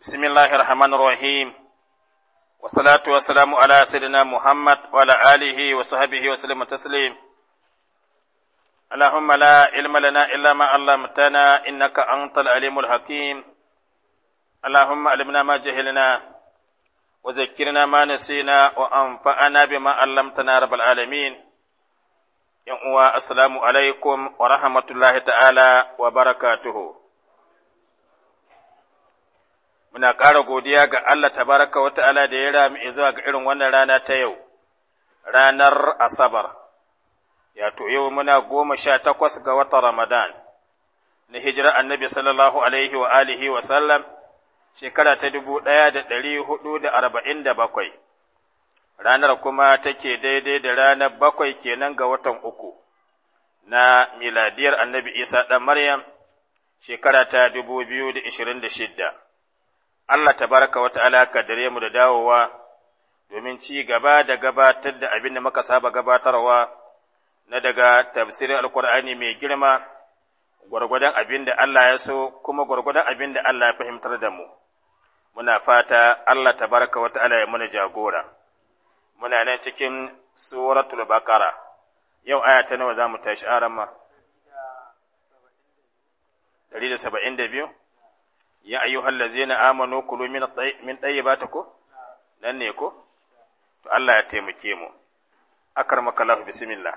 بسم الله الرحمن الرحيم والصلاة والسلام على سيدنا محمد وعلى آله وصحبه وسلم تسليم اللهم لا علم لنا إلا ما علمتنا إنك أنت العليم الحكيم اللهم علمنا ما جهلنا وذكرنا ما نسينا وأنفعنا بما علمتنا رب العالمين yan uwa assalamu alaikum wa rahmatullahi ta'ala wa barakatuhu muna ƙara godiya ga Allah tabaraka wa ta'ala da ya rami zuwa ga irin wannan rana ta yau, ranar Asabar, yato yau muna goma sha takwas ga watan Ramadan, na hijira annabi sallallahu alaihi wa alihi wa sallam, shekara ta dubu ɗaya da ɗari hudu da arba'in da bakwai, ranar kuma take daidai da ranar bakwai kenan ga watan uku, na miladiyar annabi Isa ɗan Maryam, shekara ta dubu biyu da ishirin da shidda. Allah ta wa ta'ala ka dare mu da dawowa domin ci gaba da gabatar da abin da muka saba gabatarwa na daga tafsirin alkur'ani mai girma gwargwadon abin da Allah ya so kuma gwargwadon abin da Allah ya fahimtar da mu muna fata Allah baraka wa ta'ala ya mana jagora muna nan cikin suratul bakara yau aya ta nawa za mu tashi arama 172 ya ayyuhal ladzina amanu kulu min ba ta ko nan ne ko to Allah ya taimake mu akar lahu bismillah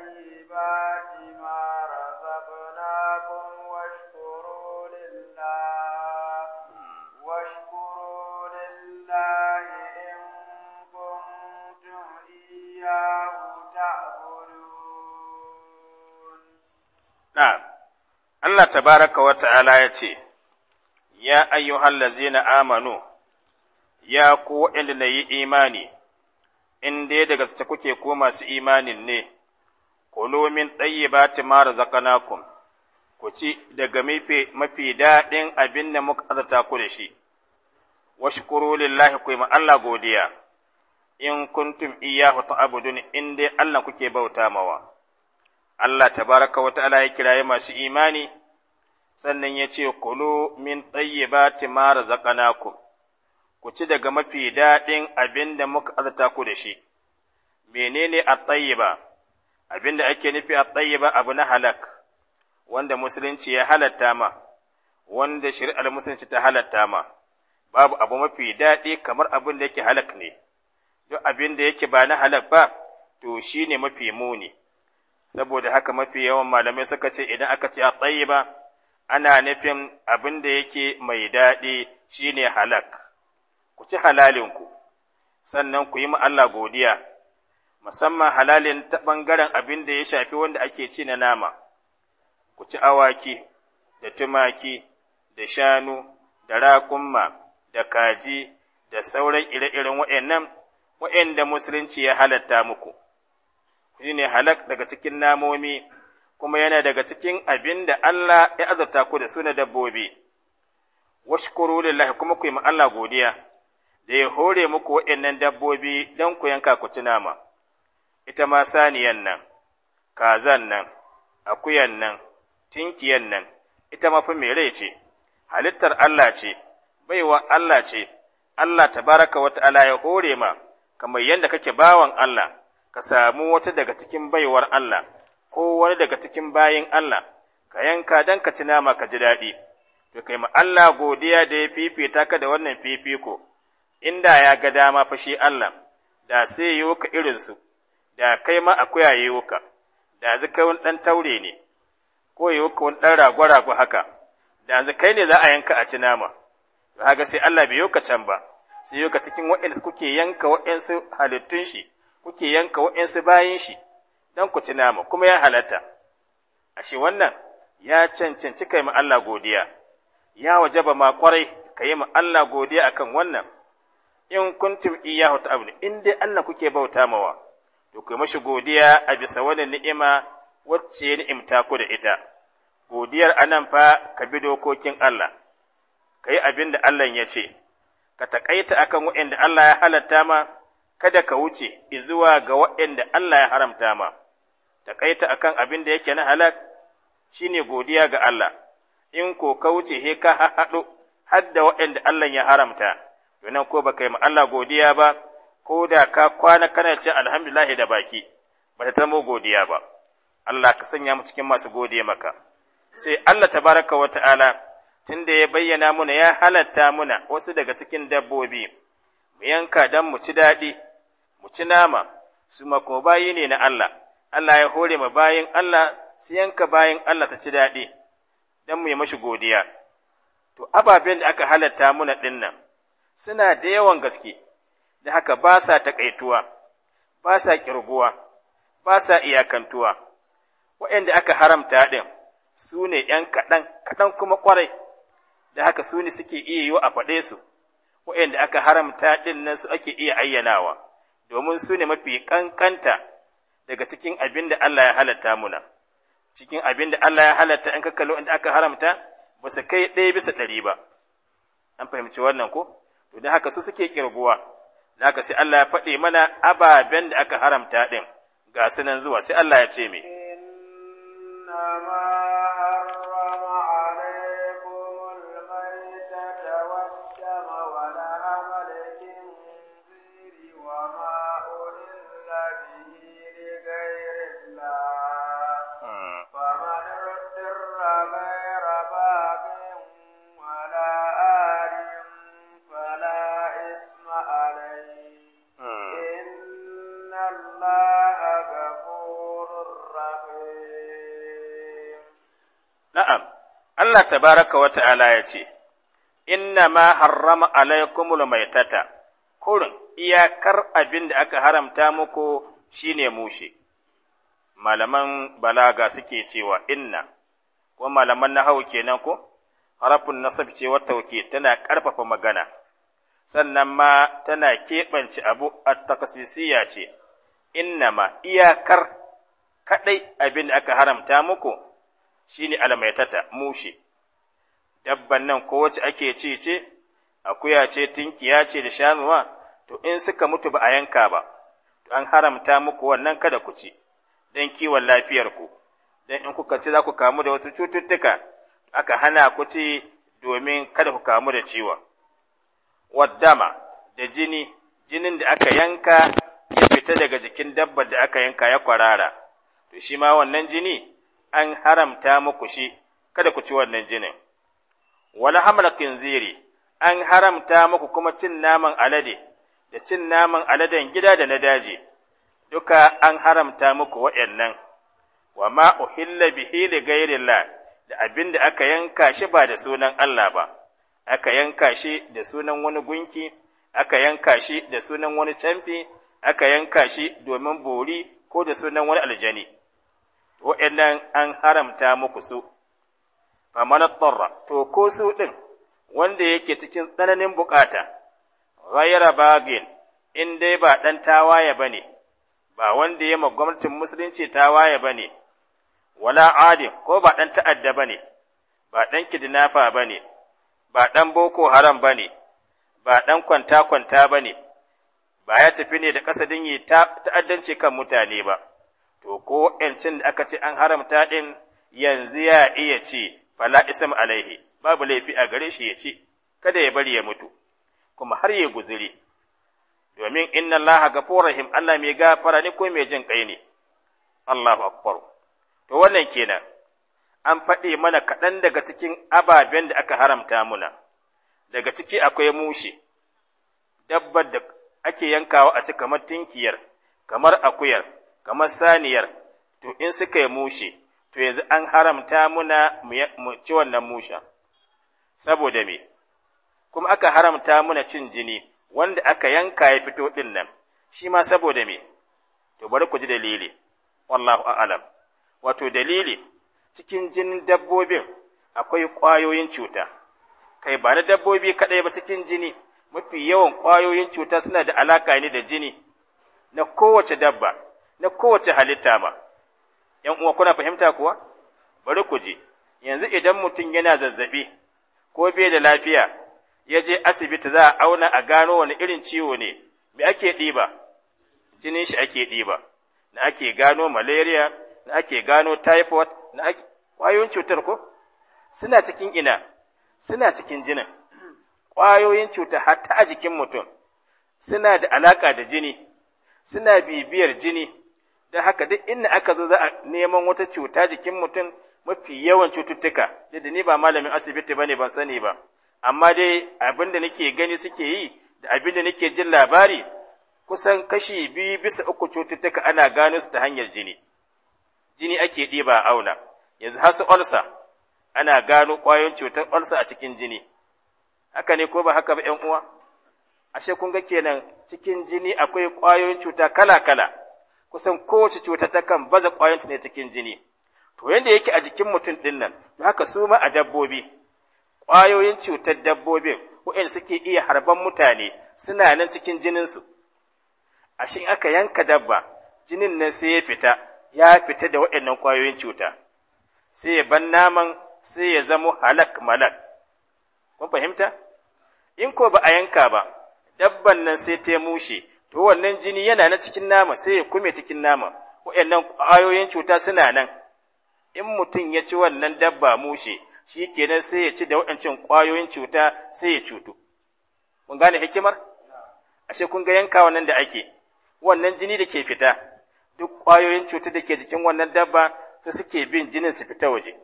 طيبات ما رزقناكم واشكروا لله واشكروا لله إن كنتم إياه تعبدون نعم الله تبارك وتعالى يتي يا أيها الذين آمنوا يا قوة لني إيماني in dai daga gaske kuke ko masu imanin ne, kulu ba ta mara razaqnakum ku ci daga mafi mafi daɗin abin da muka azata ku da shi washkuru lillahi ku ma Allah godiya in kuntum ta abudun in dai Allah kuke bauta mawa Allah Ta baraka wata ala ya kiraye masu imani sannan ya ce kulu min ta ma razaqnakum ku ci daga mafi daɗin abin da muka azata ku da shi menene at-tayyiba Abin da ake nufi a ba abu na halak wanda musulunci ya halatta ma wanda shari'ar musulunci ta halatta ma babu abu mafi daɗi kamar abin da yake halak ne duk abin da yake ba na halak ba to shine mafi muni saboda haka mafi yawan malamai suka ce idan aka ce a ba ana nufin abin da yake mai daɗi shine halak ku ci halalinku sannan ku yi ma Allah godiya musamman halalin ta ɓangaren abin da ya shafi wanda ake ci na nama, ku ci awaki, da tumaki, da shanu, da raƙumma, da kaji, da sauran ire-iren waɗannan waɗanda musulunci ya halatta muku. Shi ne halak daga cikin namomi, kuma yana daga cikin abinda da Allah ya azabta ku da su na dabbobi. Washkuru lillahi kuma ku yi ma Allah godiya, da ya hore muku waɗannan dabbobi don ku yanka ku ci nama. ita ma saniyan nan, kazan nan, akuyan nan, tinkiyan nan, ita ma mai rai ce, halittar Allah ce, baiwa Allah ce, Allah ta baraka wata ala ya hore ma, kamar yadda kake bawan Allah, ka samu wata daga cikin baiwar Allah, ko wani daga cikin bayin Allah, ka yanka don ka ci nama ka ji daɗi, to kai ma Allah godiya da ya fifita ka da wannan fifiko, inda ya ga dama fashe Allah, da sai yi ka irinsu. da kai ma akuya yi wuka, da yanzu kai wani ɗan taure ne, ko yi wuka wani ɗan rago-rago haka, da yanzu kai ne za a yanka a ci nama, to haka sai Allah bai yuka can ba, sai yuka cikin waɗanda kuke yanka waɗansu halittun shi, kuke yanka waɗansu bayin shi, don ku ci nama, kuma ya halatta. Ashe wannan ya cancanci kai ma Allah godiya, ya wajaba ma kwarai ka yi ma Allah godiya akan wannan, in kuntum iyahu ta'budu in dai Allah kuke bauta mawa. to ku mashi godiya a bisa wannan ni'ima wacce ya ni'imta ku da ita godiyar anan fa ka bi dokokin Allah ka yi abin da Allah ya ce ka taƙaita akan waɗanda Allah ya halatta ma kada ka wuce izuwa ga waɗanda Allah ya haramta ma taƙaita akan abin da yake na halak shine godiya ga Allah in ko ka wuce he ka haɗo har da waɗanda Allah ya haramta, donan ko ba yi ma Allah godiya ba, ko da ka kwana kana ce alhamdulillah da baki ba ta zama godiya ba Allah ka sanya mu cikin masu gode maka sai Allah Ta baraka wa ta'ala tunda ya bayyana muna ya halatta muna wasu daga cikin dabbobi mu yanka dan mu ci daɗi mu ci nama su mako bayi ne na Allah Allah ya hore mu bayin Allah su yanka bayin Allah ta ci daɗi dan mu yi mashi godiya to ababen da aka halatta muna dinnan suna da yawan gaske da haka ba sa taƙaituwa, ba sa ƙirguwa, ba sa iyakantuwa, waɗanda aka haramta ɗin su ne ’yan kaɗan, kaɗan kuma ƙwarai, da haka su ne suke iya yiwa a faɗe su, waɗanda aka haramta ɗin nan su ake iya ayyanawa, domin su ne mafi ƙanƙanta daga cikin abin da Allah ya halatta muna. Cikin abin da Allah ya halatta in ka kalli waɗanda aka haramta, ba su kai ɗaya bisa ɗari ba. An fahimci wannan ko? To, don haka su suke kirguwa. zaka sai Allah ya faɗe mana ababen da aka haramta ɗin ga sunan zuwa sai Allah ya ce me tabaraka wa ta'ala ya ce, Inna ma harrama alaikumul maitata, kurin iyakar abin da aka haramta muku shine mushe. Malaman balaga suke cewa inna, ko malaman na kenan ko, harafin nasab ce wata tana ƙarfafa magana, sannan ma tana keɓance abu a takasisiya ce, inna ma iyakar kaɗai abin da aka haramta muku shi ne almaitata mushe. dabban nan ko wacce ake ci ce, akuya ce, tinkiya ce da shanuwa, to in suka mutu ba a yanka ba, to an haramta muku wannan kada ku ci, don kiwon lafiyarku, don in kuka ci za ku kamu da wasu cututtuka, aka hana ku ci domin kada ku kamu da ciwon. Waddama da jini, jinin da aka yanka ya fita daga jikin dabbar da aka yanka ya kwarara, to shi ma wannan jini an haramta muku shi, kada ku ci wannan jinin. wala hamla kinziri an haramta muku kuma cin naman alade da cin naman aladen gida da na daji duka an haramta muku waɗannan wa ma uhilla bihi li ghairillah da abinda aka yanka shi ba da sunan Allah ba aka yanka shi da sunan wani gunki aka yanka shi da sunan wani canfi aka yanka shi domin bori ko da sunan wani aljani waɗannan an haramta muku su faman tsarra to ko su ɗin wanda yake cikin tsananin bukata ghayra bagin in dai ba ɗan tawaye ba ne ba wanda ya ma gwamnatin musulunci tawaye ba ne wala adin ko ba ɗan ta'adda ba ne ba ɗan kidnafa ba ne ba ɗan boko haram ba ne ba ɗan kwanta-kwanta ba ne ba ya tafi ne da kasadin yi ta'addanci kan mutane ba to ko ‘yancin da aka ce an haramta ɗin yanzu ya iya ce fala isam alaihi babu laifi a gare shi ya ci kada ya bari ya mutu kuma har ya guzuri domin inna ga ghafurur Allah mai gafara ne ko mai jin kai ne Allahu akbar to wannan kenan an faɗi mana kaɗan daga cikin ababen da aka haramta muna daga ciki akwai mushi dabbar da ake yankawa a ci kamar tinkiyar kamar akuyar kamar saniyar to in suka yi mushi. to yanzu an haramta muna mu ci wannan musha saboda me kuma aka haramta muna cin jini wanda aka yanka ya fito din nan shi ma saboda me to bari ku ji dalili wallahu a'lam wato dalili cikin jinin dabbobin akwai ƙwayoyin cuta kai ba na dabbobi kaɗai ba cikin jini mafi yawan ƙwayoyin cuta suna da alaƙa ne da jini na kowace dabba na kowace halitta ba ‘yan uwa kuna fahimta kuwa? Bari ku je, yanzu idan mutum yana zazzabi ko bai da lafiya, ya je asibiti za a auna a gano wani irin ciwo ne, me ake ɗiba? Jinin shi ake ɗiba, na ake gano malaria, na ake gano typhoid, na ake ƙwayoyin cutar ko? Suna cikin ina, suna cikin jinin, ƙwayoyin cuta hatta a jikin mutum, suna da alaƙa da jini, suna bibiyar jini, da haka duk inda aka zo za a neman wata cuta jikin mutum mafi yawan cututtuka da ni ba malamin asibiti ba ne ban sani ba amma dai abin da nake gani suke yi da abin da nake jin labari kusan kashi biyu bisa uku cututtuka ana gano su ta hanyar jini jini ake ɗiba a auna yanzu hasu olsa ana gano ƙwayoyin cutar olsa a cikin jini haka ne ko ba haka ba ƴan uwa ashe kun ga kenan cikin jini akwai ƙwayoyin cuta kala-kala kusan kowace cuta ta kan baza ƙwayanta ne cikin jini to yanda yake a jikin mutum ɗin nan haka su ma a dabbobi ƙwayoyin cutar dabbobin waɗanda suke iya harban mutane suna nan cikin jininsu A shi aka yanka dabba jinin nan sai ya fita ya fita da waɗannan ƙwayoyin cuta sai ya ban naman sai ya zamo halak malak kun fahimta in ko ba a yanka ba dabban nan sai ta mushe to wannan jini yana na cikin nama sai ya kume cikin nama waɗannan ƙwayoyin cuta suna nan in mutum ya ci wannan dabba mushe shi kenan sai ya ci da waɗancan ƙwayoyin cuta sai ya cutu kun gane hikimar ashe kun ga yanka wannan da ake wannan jini da ke fita duk ƙwayoyin cuta da ke jikin wannan dabba su suke bin jinin su fita waje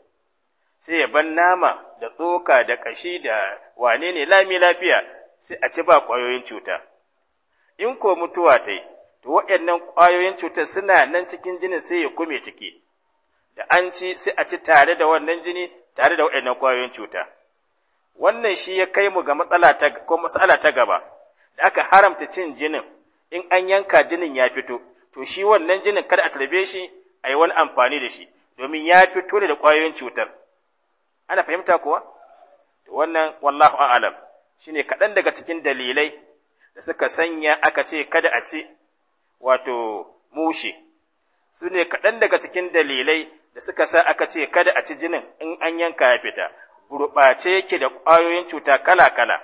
sai ya ban nama da tsoka da ƙashi da wane ne lami lafiya sai a ci ba ƙwayoyin cuta in ko mutuwa ta yi, to waɗannan ƙwayoyin cutar suna nan cikin jinin sai ya kume ciki, da an ci sai a ci tare da wannan jini tare da waɗannan ƙwayoyin cuta. Wannan shi ya kai mu ga matsala ta ko matsala ta gaba, da aka haramta cin jinin, in an yanka jinin ya fito, to shi wannan jinin kada a tarbe shi a yi wani amfani da shi, domin ya fito ne da ƙwayoyin cutar. Ana fahimta kuwa? Wannan wallahu a'alam ne kaɗan daga cikin dalilai da suka sanya aka ce kada a ce wato mushe su ne kaɗan daga cikin dalilai da suka sa aka ce kada a ci jinin in an yanka ya fita gurɓace yake da ƙwayoyin cuta kala-kala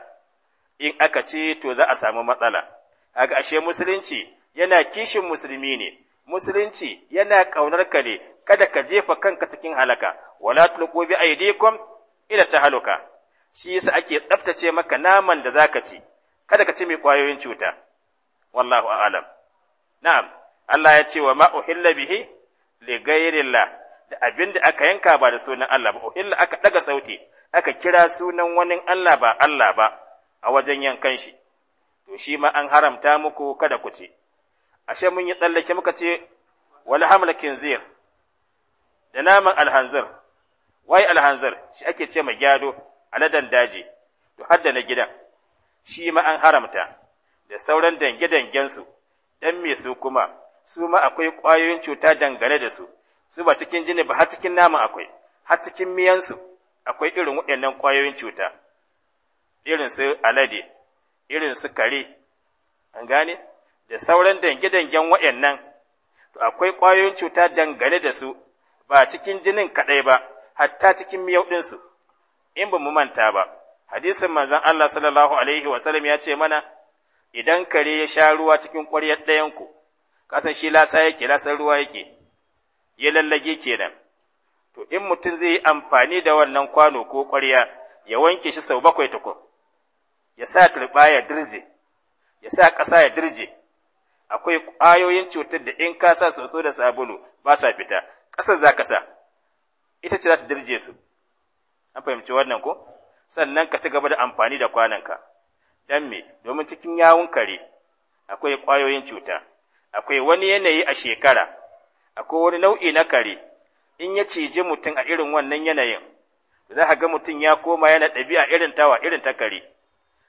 in aka ce to za a samu matsala A ashe musulunci yana kishin musulmi ne musulunci yana ƙaunar ka ne kada ka jefa kanka cikin halaka wala tulqu bi aydikum ila haluka, shi yasa ake tsaftace maka naman da zaka ci kada ka ce mai kwayoyin cuta wallahu a'lam na'am Allah ya ce wa ma uhilla bihi li ghayrillah da abinda aka yanka ba da sunan Allah ba uhilla aka ɗaga sauti aka kira sunan wani Allah ba Allah ba a wajen yankan shi to shi ma an haramta muku kada ku ce ashe mun yi tsallake muka ce wal hamlakin zir, da naman alhanzir wai alhanzir shi ake ce ma gyado aladan daji to hadda na gidan shi ma an haramta da sauran dange-dangensu ɗan me su kuma su ma akwai ƙwayoyin cuta dangane da su su ba cikin jini ba har cikin naman akwai har cikin miyansu akwai irin waɗannan ƙwayoyin cuta irin su alade irin su kare an gane da sauran dange-dangen waɗannan to akwai ƙwayoyin cuta dangane da su ba cikin jinin kaɗai ba hatta cikin miyau ɗinsu in ba mu manta ba hadisin manzon Allah sallallahu alaihi wa sallam ya ce mana idan kare ya sha ruwa cikin ƙwaryar ɗayan ku kasan shi lasa yake lasan ruwa yake ya lallage kenan to in mutum zai yi amfani da wannan kwano ko ƙwarya ya wanke shi sau bakwai tukun ya sa turɓa ya dirje ya sa ƙasa ya dirje akwai ƙwayoyin cutar da in ka sa soso da sabulu ba sa fita ƙasar za ka sa ita ce za ta dirje su an fahimci wannan ko sannan ka ci gaba da amfani da kwananka. don me, domin cikin yawun kare akwai ƙwayoyin cuta, akwai wani yanayi a shekara, akwai wani nau'i na kare, in ya ciji mutum a irin wannan yanayin, za ka ga mutum ya koma yana ɗabi'a irin tawa irin ta kare,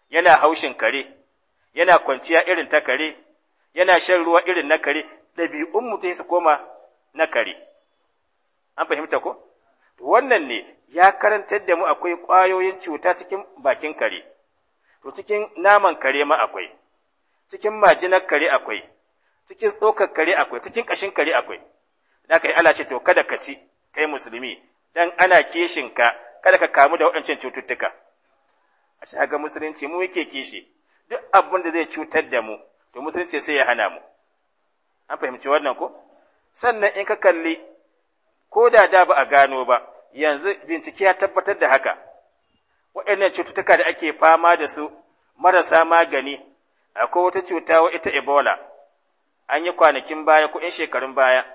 yana haushin kare, yana kwanciya irin ta kare, yana shan ruwa irin na kare, ɗabi'un mutum su koma na kare. An fahimta ko? Wannan ne ya karantar da mu akwai ƙwayoyin cuta cikin bakin kare, to cikin naman kare ma akwai, cikin majinar kare akwai, cikin tsokar kare akwai, cikin ƙashin kare akwai. Da ka yi ala ce to kada ka ci, kai musulmi, dan ana ka kada ka kamu da waɗancan cututtuka. A shaga musulunci mu yake kishi, duk abin da zai cutar da mu, to musulunci sai ya hana mu. An fahimci wannan ko? Sannan in ka kalli, ko da da ba a gano ba, yanzu bincike ya tabbatar da haka waɗannan cututtuka da ake fama da su marasa magani akwai wata cuta wa ita ebola an yi kwanakin baya ko 'yan shekarun baya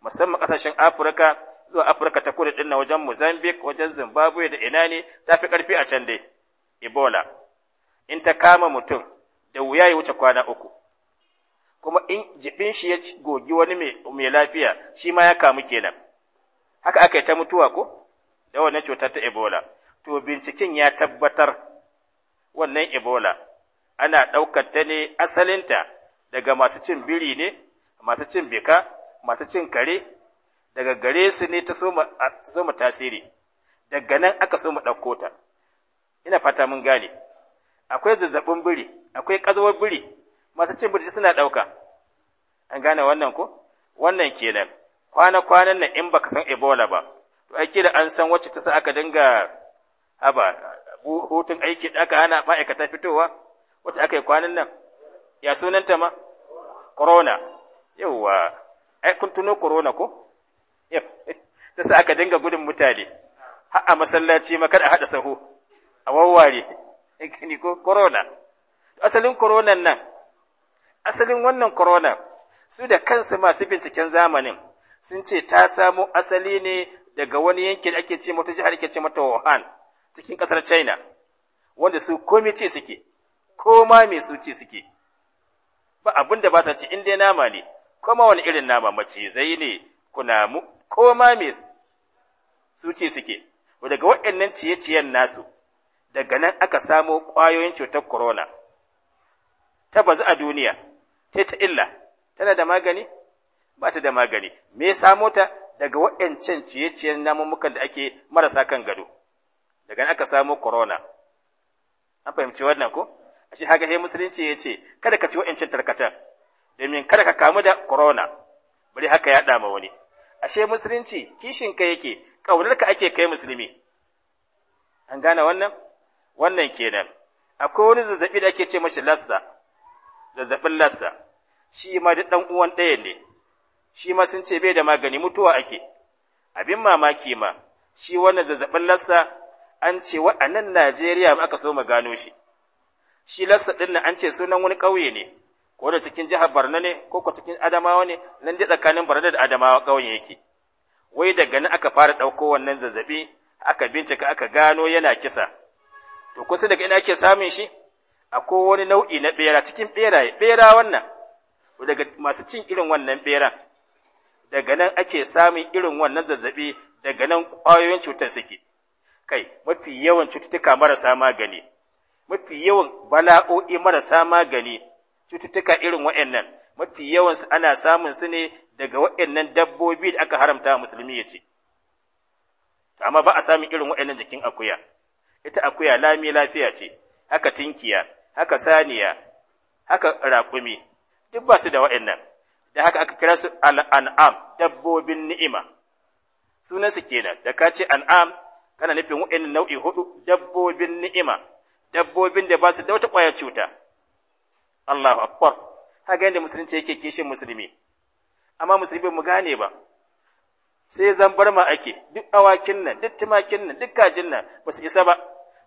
musamman ƙasashen afirka zuwa afirka ta kudu ɗin na wajen mozambique wajen zimbabwe da ina ne ta fi ƙarfi a can dai ebola in ta kama mutum da wuya ya wuce kwana uku kuma in jibin shi ya gogi wani mai lafiya shi ma ya kamu kenan haka aka yi ta mutuwa ko da wannan cutar ta Ebola. To binciken ya tabbatar wannan Ebola ana ɗaukar ta ne asalinta daga masu cin biri ne, masu cin bika, masu cin kare, daga gare su ne ta soma tasiri, daga nan aka soma ɗauko ta. Ina fata mun gane, akwai zazzaɓin biri, akwai ƙazawar biri, masu cin biri suna ɗauka. An gane wannan ko? Wannan kenan, kwana-kwanan nan in baka san Ebola ba, to aiki da an san wacce ta sa aka dinga haba hutun aiki da aka hana ma'aikata fitowa wacce aka yi kwanan nan ya sunanta ma corona yauwa ai kun tuno corona ko ta sa aka dinga gudun mutane har a masallaci ma kada hada haɗa saho a wawware gani ko corona asalin corona nan asalin wannan corona su da kansu masu binciken zamanin sun ce ta samo asali ne daga wani yanki da ake ce mata jihar ke ce mata Wuhan cikin ƙasar China wanda su komai ce suke koma mai su ce suke ba abin da ba ta ci in dai nama ne koma wani irin nama macizai ne ko koma mai su ce suke daga waɗannan ciye-ciyen nasu daga nan aka samo ƙwayoyin cutar corona ta bazu a duniya ta ta illa tana da magani ba ta da magani me ya samo ta daga waɗancan ciye-ciyen namummukan da ake marasa kan gado daga nan aka samo corona an fahimci wannan ko a shi haka sai musulunci ya ce kada ka ci waɗancan tarkacen domin kada ka kamu da korona. bari haka ya ɗama wani ashe musulunci kishin ka yake ƙaunar ka ake kai musulmi an gane wannan wannan kenan akwai wani zazzaɓi da ake ce mashi lassa zazzaɓin lassa shi ma da ɗan uwan ɗaya ne shi ma sun ce bai da magani mutuwa ake abin mamaki ma shi wannan zazzabin lassa an ce wa a nan Najeriya aka so mu gano shi shi lassa ɗin nan an ce sunan wani ƙauye ne ko da cikin jihar barno ne ko ko cikin Adamawa ne nan dai tsakanin Barna da Adamawa ƙauyen yake wai daga nan aka fara ɗauko wannan zazzabi aka bincika aka gano yana kisa to kusa daga ina ake samun shi akwai wani nau'i na bera cikin beraye bera wannan daga masu cin irin wannan beran daga nan ake samun irin wannan zazzabi daga nan ƙwayoyin cutar suke kai mafi yawan cututtuka marasa magani mafi yawan bala'o'i marasa magani cututtuka irin waɗannan mafi yawan su ana samun su ne daga waɗannan dabbobi da aka haramta musulmi ya ce amma ba a samun irin waɗannan jikin akuya ita akuya lami lafiya ce haka tinkiya haka saniya haka raƙumi duk ba su da waɗannan da haka aka kira su al'an'am dabbobin ni'ima sunansu kenan da ka ce an'am kana nufin wa'in nau'i hudu dabbobin ni'ima dabbobin da ba su da wata ƙwayar cuta Allahu akbar haka yadda musulunci yake kishin musulmi amma musulmi mu gane ba sai zan bar ma ake duk awakin nan duk tumakin nan duk kajin nan ba su isa ba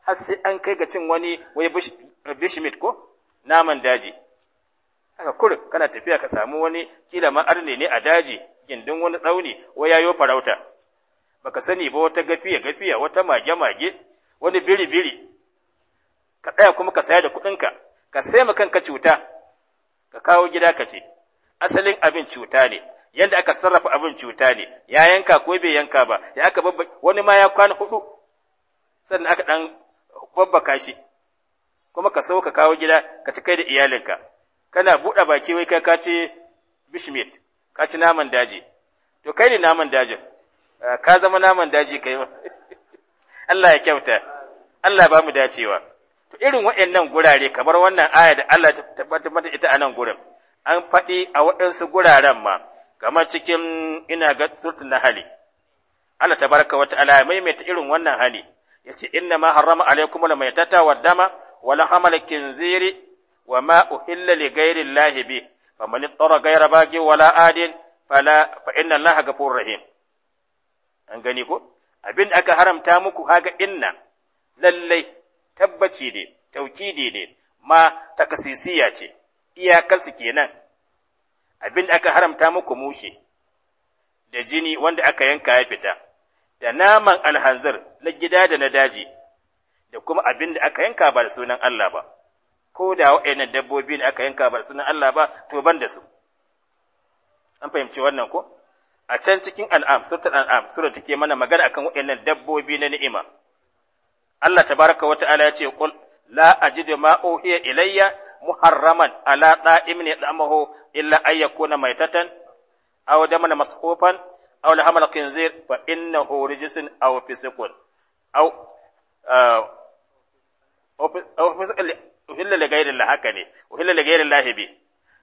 har sai an kai ga cin wani wai bishmit ko naman daji haka kurin kana tafiya ka samu wani kila ma arne ne a daji gindin wani tsauni wa yayo farauta baka sani ba wata gafiya gafiya wata mage mage wani biri biri ka tsaya kuma ka saya da kuɗinka ka sai ma kanka cuta ka kawo gida ka ce asalin abin cuta ne yadda aka sarrafa abin cuta ne ya yanka ko bai yanka ba ya aka babba wani ma ya kwana hudu sannan aka dan babba kashi. kuma ka sauka kawo gida ka ci kai da iyalinka kana buɗe baki wai kai ka ce bishmit ka ci naman daji to kai ne naman dajin ah, ka zama naman daji kai Allah ya kyauta Allah ba mu dacewa to irin waɗannan gurare kamar wannan aya da Allah ta tabbatar mata ita a nan gurin an faɗi a waɗansu guraren ma kamar cikin ina ga surtun na hali Allah tabaraka wa ta'ala ya maimaita irin wannan hali yace inna ma harrama alaykum al-maytata wad dama wa lahamal khinziri wa ma uhilla li ghairi llahi bi faman ittara ghaira baghi wala adin fala fa inna an gani ko abin aka haramta muku haga inna lallai tabbaci ne taukidi ne ma takasisiya ce iyakarsu kenan abin aka haramta muku mushe da jini wanda aka yanka ya fita da naman alhanzir na gida da na daji da kuma abin da aka yanka ba da sunan Allah ba ko da waɗannan dabbobi da aka yanka ba sunan Allah ba to ban da su an fahimci wannan ko a can cikin al'am suratul al’am, sura take mana magana akan waɗannan dabbobi na ni'ima Allah tabaraka wa ta'ala ya ce qul la ajidu ma uhiya ilayya muharraman ala da'imin yadamahu illa ayyakuna maitatan aw daman masqufan aw lahamal khinzir fa innahu rijsun aw fisikun aw uh, uhilla li ghairillah haka ne uhilla li ghairillah bi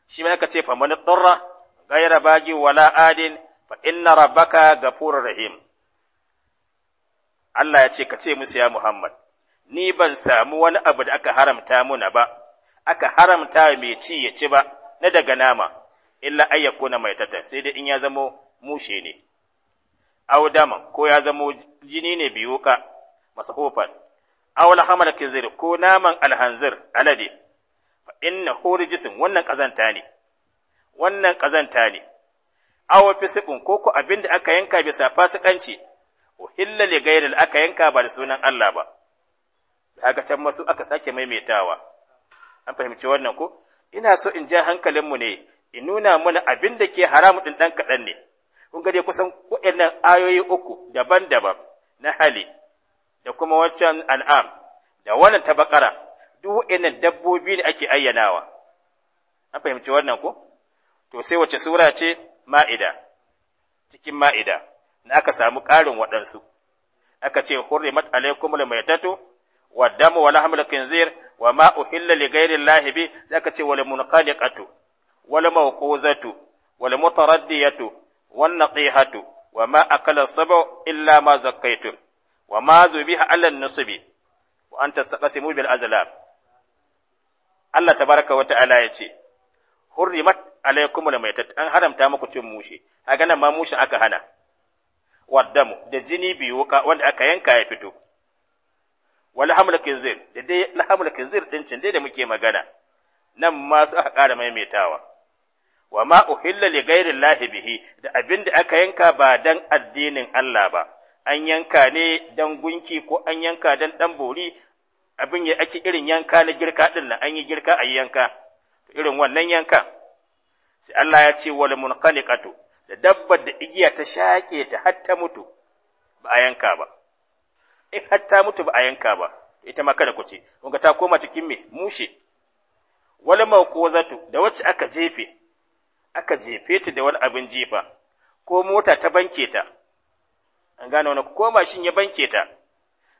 shi ma aka ce fa man darra ghaira wala adin fa inna rabbaka ghafurur rahim Allah ya ce ka ce musu ya Muhammad ni ban samu wani abu da aka haramta muna ba aka haramta mai ci ya ci ba na daga nama illa ayyakuna mai tata sai dai in ya zamo mushe ne audama ko ya zamo jini ne biyu ka masahofan aw lahamal kizir ko naman alhanzir alade fa inna hurijisin wannan kazanta ne wannan kazanta ne aw fisikun ko ko abinda aka yanka bisa fasikanci uhilla li ghairil aka yanka ba da sunan Allah ba haka can masu aka sake maimaitawa an fahimci wannan ko ina so in ja mu ne in nuna mana abinda ke haramu ɗin dan kaɗan ne, kun gade kusan waɗannan ayoyi uku daban-daban na hali, da kuma wancan al'am da wannan ta bakara duk ina dabbobi da ake ayyanawa an fahimci wannan ko to sai wace sura ce ma'ida cikin ma'ida na aka samu ƙarin waɗansu aka ce hurrimat alaikumul maitatu wa damu wa lahmul wa ma uhilla li ghairi sai aka ce wal munqaliqatu wal mawquzatu wal mutaraddiyatu wan naqihatu wa ma akala sabu illa ma zakkaytum wa ma zubiha alal nusubi wa anta tastaqsimu bil azlab Allah tabaraka wa ta'ala ya ce hurrimat alaikum al maytat an haramta muku cin mushi kaga nan ma mushi aka hana waddamu da jini biyu wanda aka yanka ya fito wal hamla kinzir da dai kinzir din da muke magana nan ma su aka ƙara maimaitawa wa ma uhilla li ghairi bihi da abinda aka yanka ba dan addinin Allah ba an yanka ne dan gunki ko an yanka dan ɗan bori abin ya ake irin yanka na girka ɗin nan an yi girka a yanka irin wannan yanka sai Allah ya ce wal munqaliqatu da dabbar da igiya ta shaƙe ta har mutu ba a yanka ba in har ta mutu ba a yanka ba ita ma kada ku ce kun ta koma cikin me mushe wal mawquzatu da wacce aka jefe aka jefe ta da wani abin jefa ko mota ta banke ta an gane wani koma mashin ya banke ta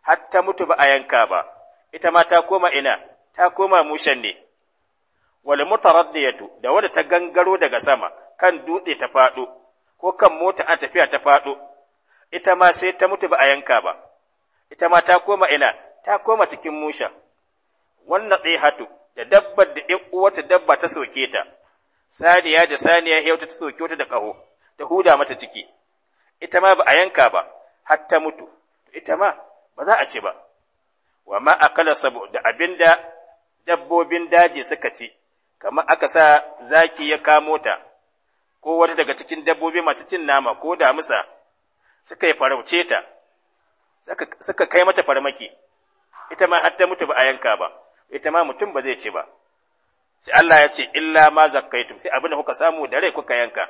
har mutu ba a yanka ba ita ma ta koma ina ta koma mushen ne Wani mutaraddiyatu da wadda ta gangaro daga sama kan dutse ta faɗo ko kan mota a tafiya ta faɗo ita ma sai ta mutu ba a yanka ba ita ma ta koma ina ta koma cikin musha wannan hatu da dabbar da ɗin uwata dabba ta soke ta saniya da saniya hewta ta soke ta da ƙaho ta huda mata ciki ita ma ba a yanka ba hatta mutu ita ma ba za a ci ba wa ma akala sabu da abinda dabbobin daji suka ci kamar aka sa zaki ya kamo ta ko wata daga cikin dabbobi masu cin nama ko damusa suka yi farauce ta suka kai mata farmaki ita ma har mutu ba a yanka ba ita ma mutum ba zai ci ba sai Allah ya ce illa ma zakaitu sai abinda kuka samu da rai kuka yanka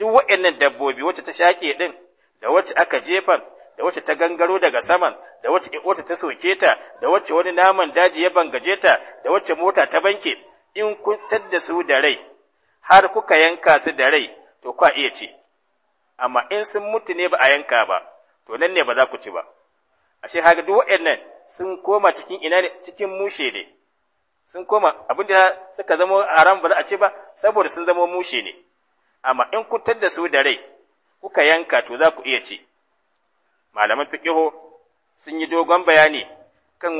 duk waɗannan dabbobi wacce ta shaƙe ɗin. da wacce aka jefan da wacce ta gangaro daga saman da wacce wata ta soke ta da wacce wani naman daji ya bangaje ta da wacce mota ta banke in kun tadda su da rai har kuka yanka su da rai to kwa iya ci amma in sun mutu ne ba a yanka ba to nan ne ba za ku ci ba ashe haka duk waɗannan sun koma cikin ina ne cikin mushe ne sun koma abin da suka zama haram ba za a ci ba saboda sun zama mushe ne amma in kun tadda su da rai kuka yanka to za ku iya ci. Malaman fiƙiho sun yi dogon bayani kan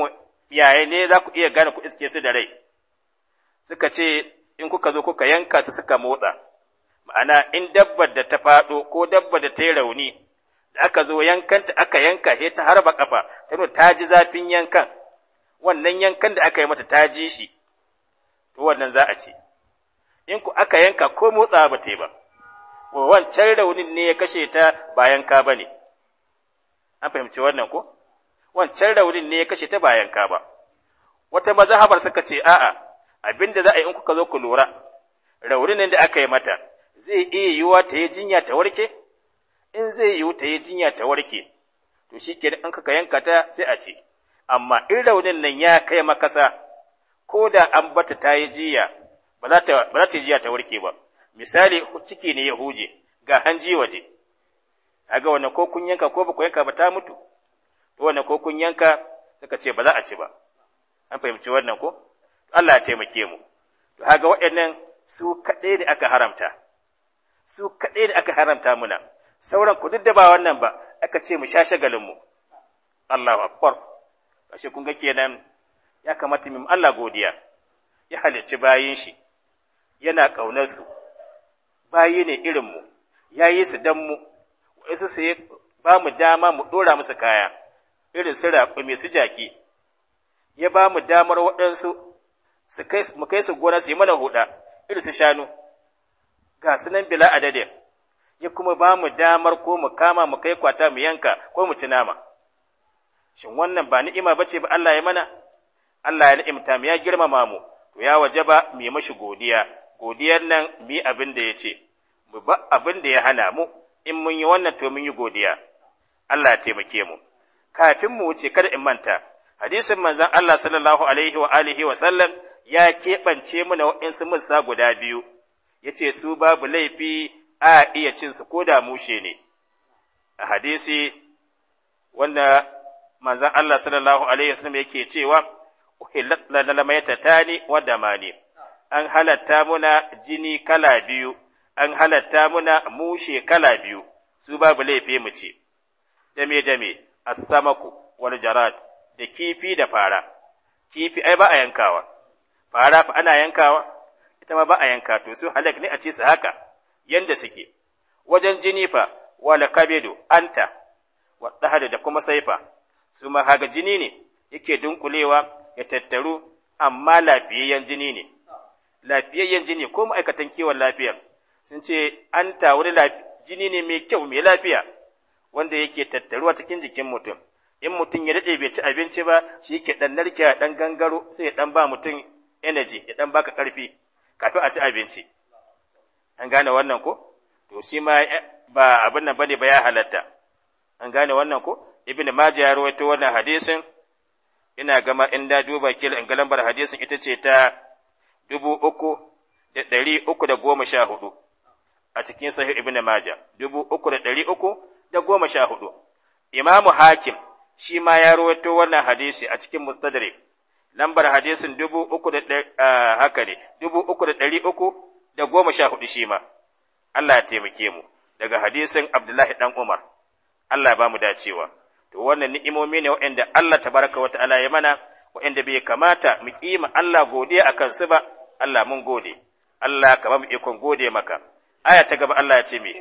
yaya ne za ku iya gane ku iske su da rai. Suka ce in kuka zo kuka yanka su suka motsa, ma'ana in dabbar da ta faɗo ko dabbar da ta yi rauni, da aka zo yankanta aka yanka sai ta harba ƙafa, ta nuna ta ji zafin yankan, wannan yankan da aka yi mata ta ji shi, to wannan za a ci. In ku aka yanka ko motsa ba ta yi ba. wancan raunin ne ya kashe ta bayan ka ba ne, an fahimci wannan ko? Wancan raunin ne ya kashe ta bayan ka ba. Wata mazahabar suka ce, a'a, abin da za a yi in kuka zo ku lura, raunin da aka yi mata, zai iya yiwuwa ta yi jinya ta warke? In zai yiwu ta yi jinya ta warke, to shi ke an kaka yanka ta sai a ce, amma in raunin nan ya kai makasa, ko da an bata ta yi jiya, ba za ta yi jiya ta warke ba. misali ciki ne ya huje ga hanji waje aga wannan ko kun yanka ko ba ku yanka ba ta mutu to wannan ko kun yanka suka ce ba za a ci ba an fahimci wannan ko Allah ya taimake mu to haga waɗannan su kaɗai da aka haramta su kaɗai da aka haramta muna sauran ku duk da ba wannan ba aka ce mu sha shagalin mu Allahu akbar ashe kun ga kenan ya kamata mu Allah godiya ya halicci bayin shi yana kaunar su bayi ne irinmu, ya yi su don mu, wasu su ba mu dama mu ɗora musu kaya, irin su mai su jaki, ya ba mu damar waɗansu mu kai su gona su yi mana huɗa, irin su shanu, ga su nan bila adadin, ya kuma ba mu damar ko mu kama mu kai kwata mu yanka ko mu ci nama. Shin wannan ba ni'ima ba ce ba Allah ya mana? Allah ya ni'imta mu ya girmama mu, to ya waje ba mu yi mashi godiya, godiyar nan mi abin da ya ce, mu ba abin da ya hana mu, in mun yi wannan to mun yi godiya, Allah ya taimake mu. Kafin mu wuce kada in manta, hadisin manzan Allah sallallahu alaihi wa alihi wa sallam ya keɓance mu na wa'insu musa guda biyu, ya ce su babu laifi a iya cin su ko da mushe ne. A hadisi wanda manzan Allah sallallahu alaihi wa sallam yake cewa, uhillat lana lamayata tani wa damani. an halatta muna jini kala biyu, an halatta muna mushe kala biyu, su babu laifi mu ce, dame-dame, asamaku, wani jarad, da kifi da fara, kifi ai ba a yankawa, fara fa ana yankawa, ita ma ba a yanka, to su halak ne a ce su haka, yanda suke, wajen jini fa, wala kabedo, anta, wadda da kuma saifa, su ma haga jini ne, yake dunkulewa ya tattaru, amma lafiyayyen jini ne. lafiyayyen jini ko ma'aikatan kiwon lafiya sun ce an ta wani jini ne mai kyau mai lafiya wanda yake tattaruwa cikin jikin mutum in mutum ya daɗe bai ci abinci ba shi ke ɗan narke a ɗan gangaro sai ya ɗan ba mutum energy ya ɗan baka ƙarfi kafin a ci abinci an gane wannan ko to shi ma eh, ba abin nan bane ba ya halatta an gane wannan ko ibn majah ya rawaito wannan hadisin ina gama in da duba kila in ga lambar hadisin ita ce ta dubu uku da ɗari uku da goma sha hudu a cikin sahih ibn maja dubu uku da ɗari uku da goma sha hudu imamu hakim shi ma ya rawaito wannan hadisi a cikin Mustadari. lambar hadisin dubu uku da haka ne dubu uku da ɗari uku da goma sha hudu shi ma Allah ya taimake mu daga hadisin Abdullahi ɗan Umar Allah ya ba mu dacewa to wannan ni'imomi ne waɗanda Allah tabaraka wa ta'ala ya mana waɗanda bai kamata mu kima Allah godiya akan su ba Allah mun gode Allah ka ikon gode maka aya ta gaba Allah ya ce me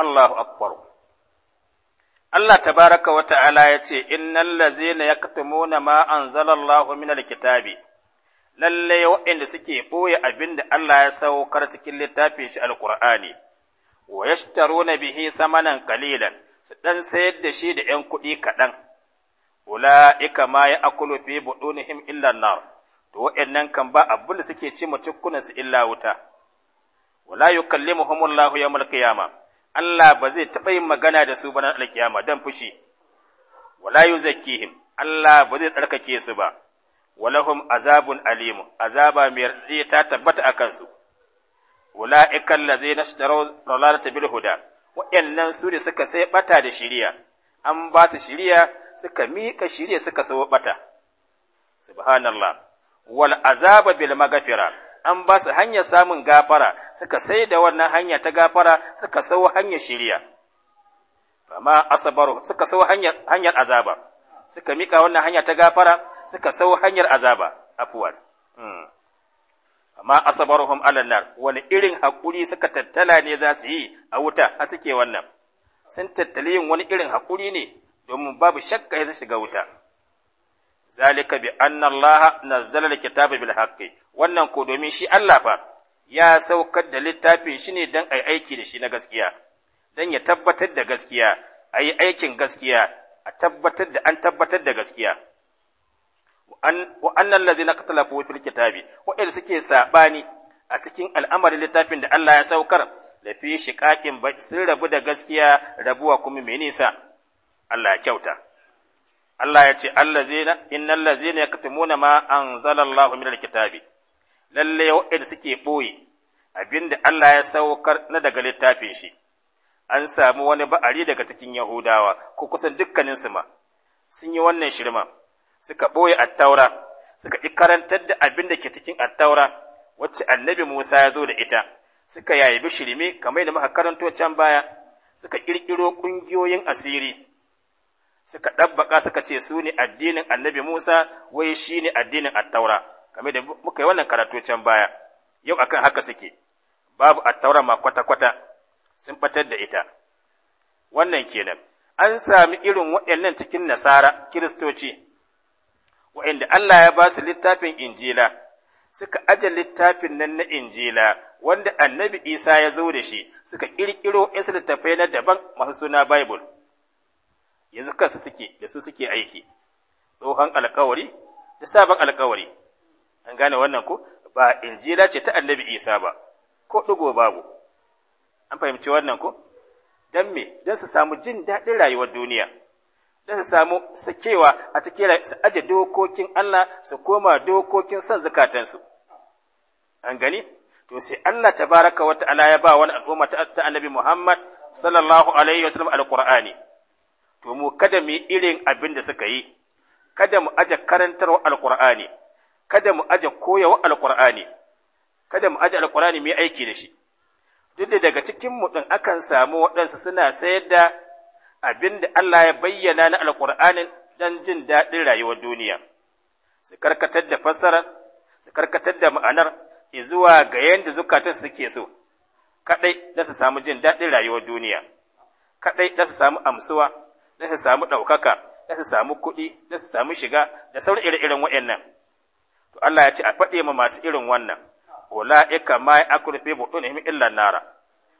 Allahu akbar Allah tabaraka wa ta'ala ya ce, Innan lazina ya katumuna ma an zalallahu minal kitabi, lalle waɗanda suke ɓoye abin da Allah ya saukar cikin littafin shi alƙur'ani, wa ya na bihi samanan kalilan, su ɗan sayar da shi da ’yan kuɗi kaɗan, ula'ika ma ya akulu fi buɗunihim illa nar, to waɗannan kan ba abin da suke ci su illa wuta, wala yukallimuhumullahu yawmal qiyamah Allah ba zai taɓa yin magana da su ba na alƙiyama, don fushi, wala yi Allah ba zai tsarkake su ba, walahum azabun alimu, azaba mai raɗe ta tabbata a kansu, wala ikan la zai bil huda, waɗannan su da suka sai ɓata da shiriya, an ba su shiriya suka miƙa shiriya suka sawo ɓata. Subhanallah, wal azaba bil magafira, an ba su hanyar samun gafara suka sai da wannan hanya ta gafara suka sau hanyar shiriya amma asabaru suka sau hanyar hanyar azaba suka mika wannan hanya ta gafara suka sau hanyar azaba afwan hmm. amma asabaruhum ala nar wani irin hakuri suka tattala ne za su yi a wuta a suke wannan sun tattali yin wani irin hakuri ne domin babu shakka ya shiga wuta zalika bi anna Allah nazzala al bil haqqi wannan ko domin shi Allah fa ya saukar da littafin shi ne dan ai aiki da shi na gaskiya dan ya tabbatar da gaskiya ai aikin gaskiya a tabbatar da an tabbatar da gaskiya wa annal ladina qatalafu fil kitabi wa suke sabani a cikin al'amarin littafin da Allah ya saukar da fi shiqaqin sun rabu da gaskiya rabuwa kuma me nisa Allah ya kyauta Allah ya ce allazina innal lazina yaktumuna ma anzalallahu minal kitabi lalle waɗanda suke boye abinda Allah ya saukar na daga littafin shi an samu wani ba'ari daga cikin Yahudawa ko kusan dukkanin su ma sun yi wannan shirma suka boye attaura suka ki karantar da abinda ke cikin attaura wacce annabi Musa ya zo da ita suka yayi bishirme kamar da muka karanto can baya suka ƙirƙiro ƙungiyoyin asiri suka ɗabbaka suka ce su ne addinin annabi Musa wai shi ne addinin attaura game da muka yi wannan karatu can baya yau akan haka suke babu attaura ma kwata-kwata sun batar da ita wannan kenan an sami irin waɗannan cikin nasara kiristoci waɗanda Allah ya ba su littafin injila suka aje littafin nan na injila wanda annabi isa ya zo da shi suka ƙirƙiro 'yan littattafai na daban masu suna bible yanzu kansu suke da su suke aiki tsohon alkawari da sabon alkawari an gane wannan ko ba injila ce ta annabi isa ba ko ɗigo babu an fahimci wannan ko don me don su samu jin daɗin rayuwar duniya don su samu sakewa a cikin su aje dokokin Allah su koma dokokin son zukatansu an gani to sai Allah tabaraka wa ta'ala ya ba wani al'umma ta annabi Muhammad sallallahu alaihi wasallam alqur'ani to mu kada mu yi irin abin da suka yi, kada mu aje karantarwa alƙur'ani, kada mu aje koyawa alƙur'ani, kada mu aje alƙur'ani mu yi aiki da shi. Duk da daga cikin mu ɗin akan samu waɗansu suna sayar da abin da Allah ya bayyana na alƙur'anin don jin daɗin rayuwar duniya. Su karkatar da fassara, su karkatar da ma'anar, zuwa ga yadda zukatan suke so, kaɗai da su samu jin daɗin rayuwar duniya, kaɗai da su samu amsuwa, da su samu ɗaukaka da su samu kuɗi da su samu shiga da sauran ire-iren waɗannan to Allah ya ce a faɗe ma masu irin wannan ulaika ma yakulu fi butunihim illa nara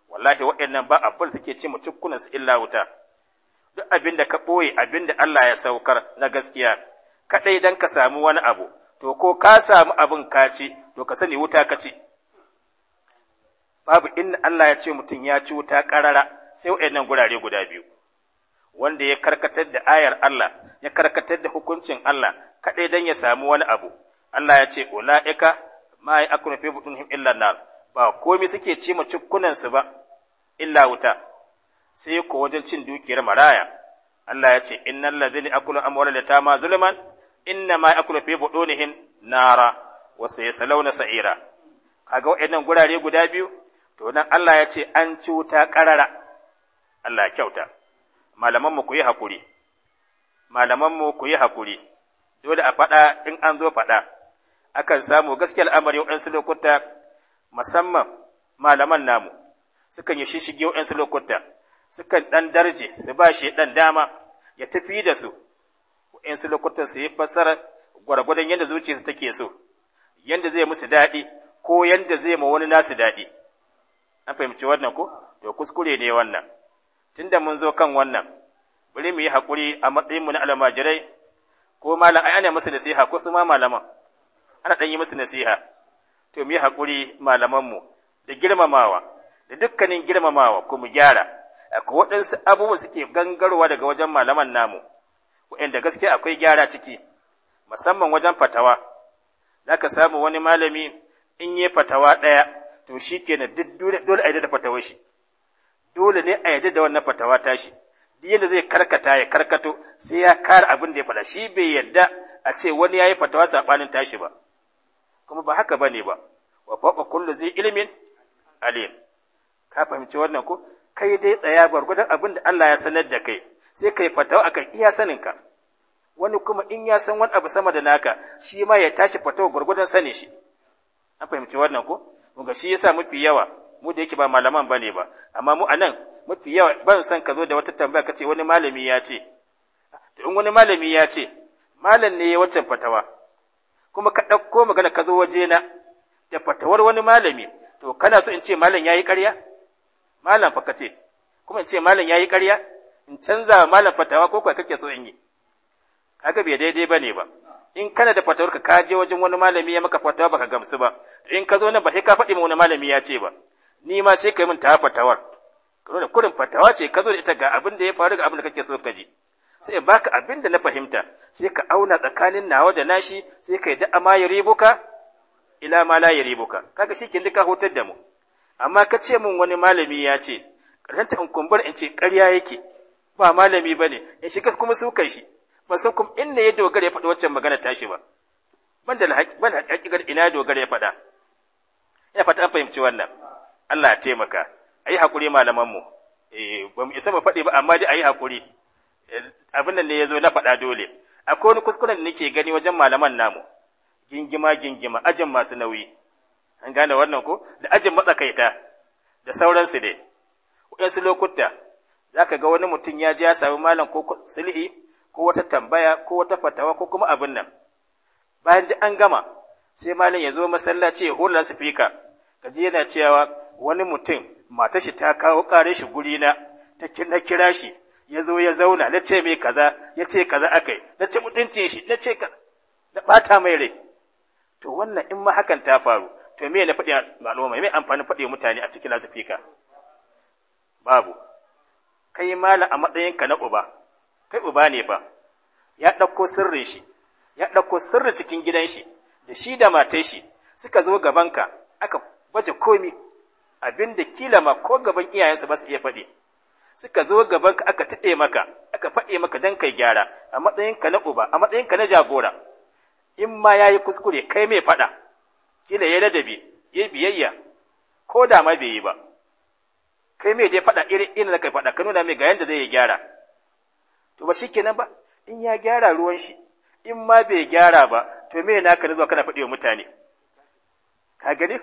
wallahi waɗannan ba abin suke ce mutukkunan su illa wuta duk abin da ka ɓoye abin da Allah ya saukar na gaskiya kaɗai dan ka samu wani abu to ko ka samu abin ka ci to ka sani wuta ka ci babu inda Allah ya ce mutum ya ci wuta ƙarara sai waɗannan gurare guda biyu wanda ya karkatar da ayar Allah ya karkatar da hukuncin Allah kadai dan ya samu wani abu Allah ya ce ulaika ma yakunu fi butunhum illa nar ba komai suke ci ma ba illa wuta sai ko wajen cin dukiyar maraya Allah ya ce innal ladhina akulu ta ma zulman inna ma yakulu fi butunihim nara wa na sa'ira kaga waɗannan gurare guda biyu to nan Allah ya ce an ci wuta ƙarara. Allah kyauta malamanmu ku yi haƙuri mu ku yi haƙuri dole a faɗa in an zo faɗa akan samu gaskiyar al'amari waɗansu lokuta musamman malaman namu sukan yi shishige waɗansu lokuta sukan ɗan darje su ba shi ɗan dama ya tafi da su waɗansu lokutan su yi fassara gwargwadon yadda su take so yadda zai musu daɗi ko yadda zai ma wani nasu daɗi an fahimci wannan ko to kuskure ne wannan tunda mun zo kan wannan bari mu yi haƙuri a matsayin mu na almajirai ko malam ai ana musu nasiha ko su ma malaman ana ɗan yi musu nasiha to mu yi haƙuri mu da girmamawa da dukkanin girmamawa ko mu gyara akwai waɗansu abubuwa suke gangarwa daga wajen malaman namu waɗanda gaskiya akwai gyara ciki musamman wajen fatawa za ka samu wani malami in yi fatawa ɗaya to shi kenan duk dole a yi da fatawar shi dole ne a yadda da wannan fatawa tashi duk yadda zai karkata ya karkato sai ya kare abin da ya faɗa shi bai yadda a ce wani ya yi fatawa saɓanin tashi ba kuma ba haka ba ne ba wa faɓa kullu zai ilimin alim ka fahimci wannan ko kai dai tsaya gwargwadon abin da Allah ya sanar da kai sai kai fatawa akan iya sanin ka wani kuma in ya san wani abu sama da naka shi ma ya tashi fatawa gwargwadon sanin shi an fahimci wannan ko Kuma shi yasa mafi yawa mu da yake ba malaman bane ba amma mu anan mafi yawa ban san ka zo da wata tambaya kace wani malami ya ce to in wani malami ya ce malam ne ya wacce fatawa kuma ka dauko magana ka zo waje na da fatawar wani malami to kana so in ce malam yayi ƙarya malam fa kace kuma in ce malam yayi ƙarya in canza malam fatawa ko kuwa kake so in yi kaga bai daidai bane ba in kana da fatawar ka je wajen wani malami ya maka fatawa baka gamsu ba in ka zo nan ba sai ka faɗi ma wani malami ya ce ba ni ma sai ka yi min ta fatawar ka da kurin fatawa ce ka zo da ita ga abin da ya faru ga abin da kake so ka ji sai in baka abin da na fahimta sai ka auna tsakanin nawa da nashi sai ka yi da ama ya ribuka ila ma la ya ribuka kaga shi kin duka hotar da mu amma ka ce min wani malami ya ce karanta in kumbura in ce ƙarya yake ba malami bane in shiga kuma su kai shi ban san kuma inda ya dogara ya faɗi waccan magana tashi ba ban da a hakikar ina dogara ya faɗa ina fata an fahimci wannan Allah ya taimaka ayi hakuri malaman mu eh ba mu isa mu faɗi ba amma dai ayi hakuri eh, abin nan ne yazo na faɗa dole akwai wani kuskuren da nake gani wajen malaman namu gingima gingima ajin masu nauyi an gane wannan ko da ajin matsakaita da sauransu dai waɗansu lokuta za ka ga wani mutum ya ji ya sami malam ko sulhi ko wata tambaya ko wata fatawa ko kuma abin nan bayan da an gama sai malam ya zo masallaci ya hula sifika ka ji yana cewa wani mutum matar shi ta kawo ƙare shi guri na ta na kira shi ya zo ya zauna na ce mai kaza ya ce kaza akai na ce mutuncin shi na ce kaza na ɓata mai rai to wannan in ma hakan ta faru to me na faɗi al'umma me amfani faɗi mutane a cikin lasifika babu kai mala a ka na uba kai uba ne ba ya ɗauko sirrin shi ya ɗauko sirrin cikin gidan shi da shi da matai shi suka zo gaban ka aka baje komi abin da kila ma ko gaban iyayensa ba su iya faɗi suka zo gaban ka aka taɗe maka aka faɗe maka don kai gyara a matsayinka na uba a matsayin ka na jagora in ma ya yi kuskure kai mai faɗa kila ya ladabi ya biyayya ko da ma bai yi ba kai mai dai faɗa irin inda kai faɗa ka nuna mai ga yanda zai yi gyara to ba shikenan ba in ya gyara ruwan shi in ma bai gyara ba to me naka da zuwa kana faɗi wa mutane ka gani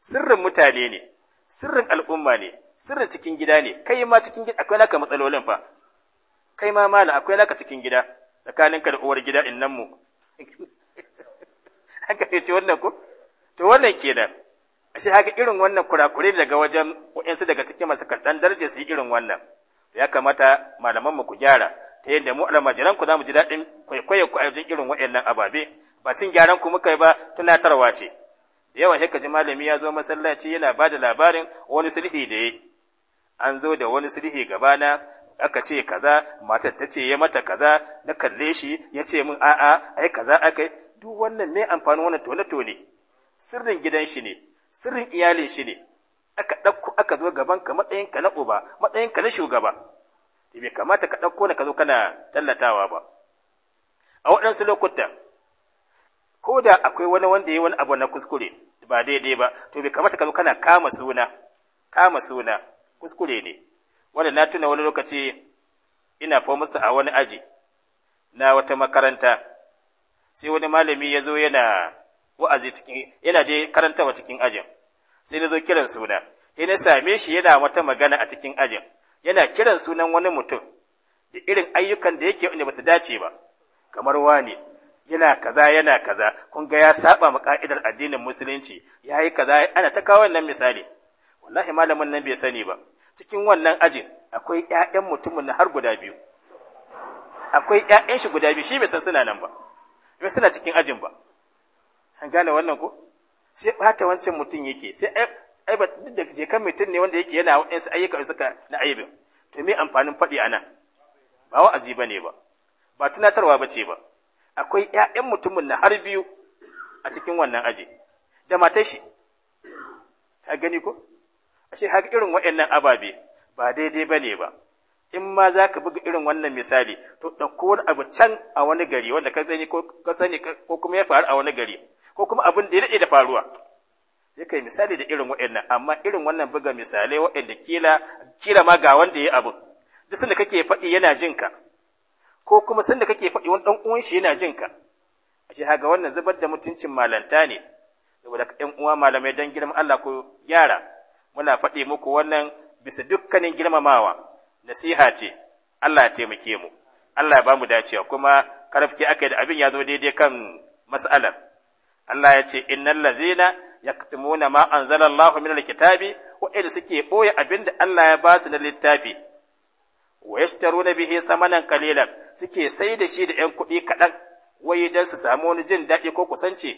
sirrin mutane ne sirrin al'umma ne sirrin cikin gida ne kai ma cikin gida akwai naka matsalolin fa kai ma mala akwai naka cikin gida tsakaninka da uwar gida nan mu haka wannan ku to wannan ke a ashe haka irin wannan kurakure daga wajen waɗansu daga cikin masu karɗan darajar su yi irin wannan ya kamata malaman mu ku gyara ta yadda mu almajiran ku za mu ji daɗin kwaikwayo ku a irin waɗannan ababe ba cin gyaran ku muka yi ba tunatarwa ce da yawan haka ji malami ya zo masallaci yana ba da labarin wani sulhi da ya an zo da wani sulhi na aka ce kaza matar ta ce ya mata kaza na kalle shi ya ce min a'a ai kaza akai duk wannan ne amfanin wannan tone tone sirrin gidan shi ne sirrin iyalin shi ne aka ɗauko aka zo gaban ka matsayin ka na uba matsayin ka na shugaba bai kamata ka ɗauko na ka zo kana tallatawa ba a waɗansu lokutan ko da akwai wani wanda ya wani abu na kuskure ba daidai ba to bai kamata ka zo kana kama suna kama suna kuskure ne wanda na tuna wani lokaci ina fomusta a wani aji na wata makaranta sai wani malami ya zo yana wa'azi cikin yana dai karantawa cikin ajin sai na zo kiran suna sai na same shi yana wata magana a cikin ajin yana kiran sunan wani mutum da irin ayyukan da yake wanda ba su dace ba kamar wani yana kaza yana kaza kun ga ya saba ma ka'idar addinin musulunci yayi kaza ana ta kawo wannan misali wallahi malamin nan bai sani ba cikin wannan ajin akwai ƴaƴan mutumin har guda biyu akwai ƴaƴan shi guda biyu shi bai san suna nan ba bai suna cikin ajin ba an gane wannan ko sai bata wancan mutum yake sai ai ba duk da jekan mutum ne wanda yake yana waɗansu ayyuka suka na aibin to me amfanin faɗi anan ba wa'azi bane ba ba tunatarwa bace ba akwai ‘ya'yan mutumin na har biyu a cikin wannan aji, da matai shi, ka gani ko? Ashe, haka irin wayannan ababe ba daidai ba ne ba, in ma za ka buga irin wannan misali, to ɗauko wani abu can a wani gari wanda ka sani ko kuma ya faru a wani gari, ko kuma abin da ya daɗe da faruwa. Sai kai misali da irin wayannan amma irin wannan buga misalai waɗanda kila, kila ma ga wanda ya abu. duk sanda kake faɗi yana jinka. ka, ko kuma sanda kake faɗi wani ɗan uwan shi yana jin ka ashe haga wannan zubar da mutuncin malanta ne saboda ɗan uwa malamai don girman Allah ko yara muna faɗi muku wannan bisa dukkanin girmamawa nasiha ce Allah ya taimake mu Allah ya ba mu dacewa kuma karafke aka yi da abin ya zo daidai kan mas'alar Allah ya ce innal lazina yaktumuna ma anzalallahu minal kitabi wa'ida suke boye da Allah ya ba na littafi wa yashtaruna bihi samanan qalilan suke sai da shi da ‘yan kuɗi kaɗan wai dan su samu wani jin daɗi ko kusance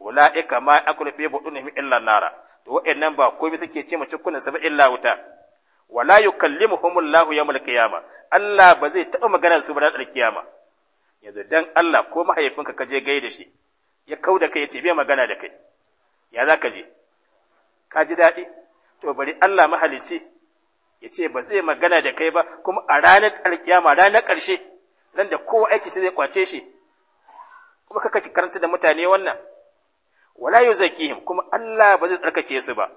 ula'ika ma akul fi budunihim illa nara to wa'annan ba komai suke ce ma cikunan su ba illa wuta wala yukallimuhum Allah yawmal qiyama Allah ba zai taɓa magana su ba da alkiyama yanzu dan Allah ko mahaifinka ka je gaida shi ya kauda kai ya ce bai magana da kai ya za ka je ka ji daɗi to bari Allah mahalicci ya ce ba zai magana da kai ba kuma a ranar alkiyama ranar ƙarshe nan da kowa aiki shi zai kwace shi kuma kaka ki karanta da mutane wannan wala yuzakihim kuma Allah ba zai tsarkake su ba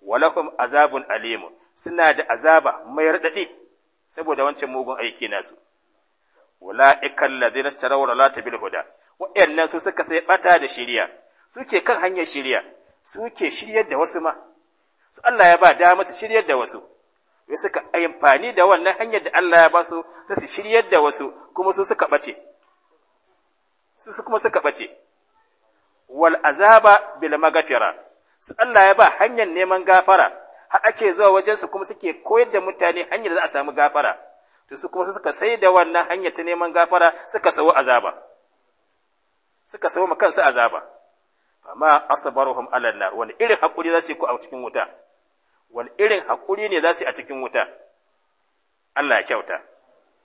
walakum azabun alim suna da azaba mai radadi saboda wancan mugun aiki nasu ulaikal ladina tarawu lata bil huda wa'annan su suka sai bata da shiriya suke kan hanyar shiriya suke shiryar da wasu ma su Allah ya ba dama su shiryar da wasu sai suka amfani da wannan hanyar da Allah ya ba su ta su shiryar da wasu kuma su suka bace su kuma suka bace wal azaba bil magfira su Allah ya ba hanyar neman gafara har ake zuwa wajen su kuma suke koyar da mutane hanyar da za a samu gafara to su kuma suka sai da wannan hanyar ta neman gafara suka sawo azaba suka sawo ma kansu azaba amma asabaruhum alanna wani irin hakuri za su yi ku a cikin wuta wal irin haƙuri ne za su yi a cikin wuta Allah ya kyauta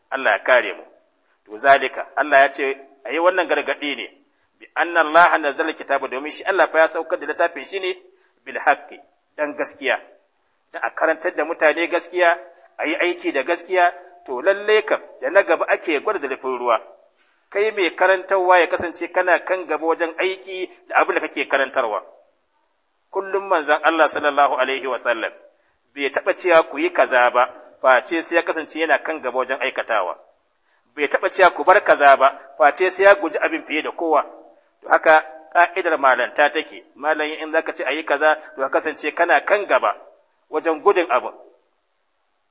Allah ya kare mu to zalika Allah ya ce a yi wannan gargaɗi ne bi anna Allah nazzala kitaba domin shi Allah fa ya saukar da littafin shi ne bil haqqi dan gaskiya da a karantar da mutane gaskiya a yi aiki da gaskiya to lallai kam da na gaba ake gwada da ruwa kai mai karantarwa ya kasance kana kan gaba wajen aiki da abin da kake karantarwa kullum manzan Allah sallallahu alaihi wasallam bai taɓa cewa ku yi kaza ba face sai ya kasance yana kan gaba wajen aikatawa bai taɓa cewa ku bar kaza ba face sai ya guji abin fiye da kowa to haka ka'idar malanta take malan in zaka ce ayi kaza to ka kasance kana kan gaba wajen gudun abu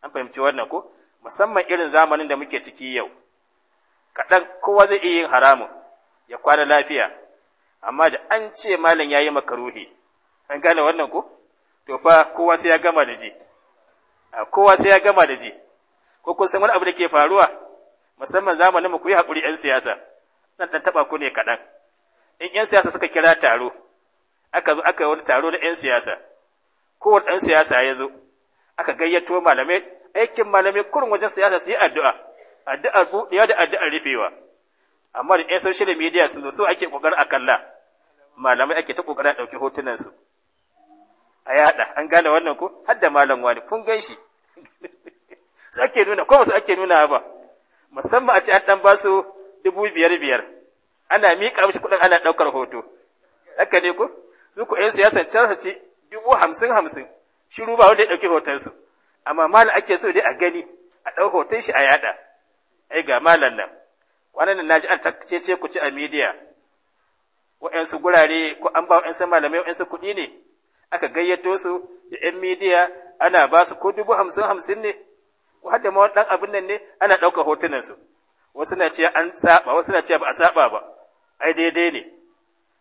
an fahimci wannan ko musamman irin zamanin da muke ciki yau kaɗan kowa zai iya yin haramun ya kwana lafiya amma da an ce malam ya yi makaruhi an gane wannan ko to fa kowa sai ya gama da je a kowa sai ya gama da ji ko kun san wani abu da ke faruwa musamman zamanin mu ku yi hakuri yan siyasa nan dan taba ku ne kaɗan in yan siyasa suka kira taro aka zo aka yi wani taro na yan siyasa kowane ɗan siyasa ya zo aka gayyato malamai aikin malamai kurin wajen siyasa su yi addu'a addu'ar buɗewa da addu'ar rufewa amma da 'yan social media sun zo su ake ƙoƙarin kalla, malamai ake ta ƙoƙarin hotunan su. a yada an gane wannan ko har da malam wani kun gan shi su ake nuna ko su ake nuna ba musamman a ce an dan ba su dubu biyar biyar ana miƙa mishi kuɗin ana ɗaukar hoto haka ne ko su ku ƴan siyasan can su ci dubu hamsin hamsin shiru ba wanda ya ɗauki hotonsu amma malam ake so dai a gani a ɗau hoton shi a yada ai ga malam nan kwanan nan naji an takcece ku ci a midiya waɗansu gurare ko an ba wa'yansu malamai wa'yansu kuɗi ne aka gayyato su da ‘yan midiya ana ba su ko dubu hamsin hamsin ne, ko hadda ma wani ɗan abin nan ne ana ɗauka hotunansu, wasu na cewa an saɓa. wasu na cewa ba a saɓa ba, ai daidai ne,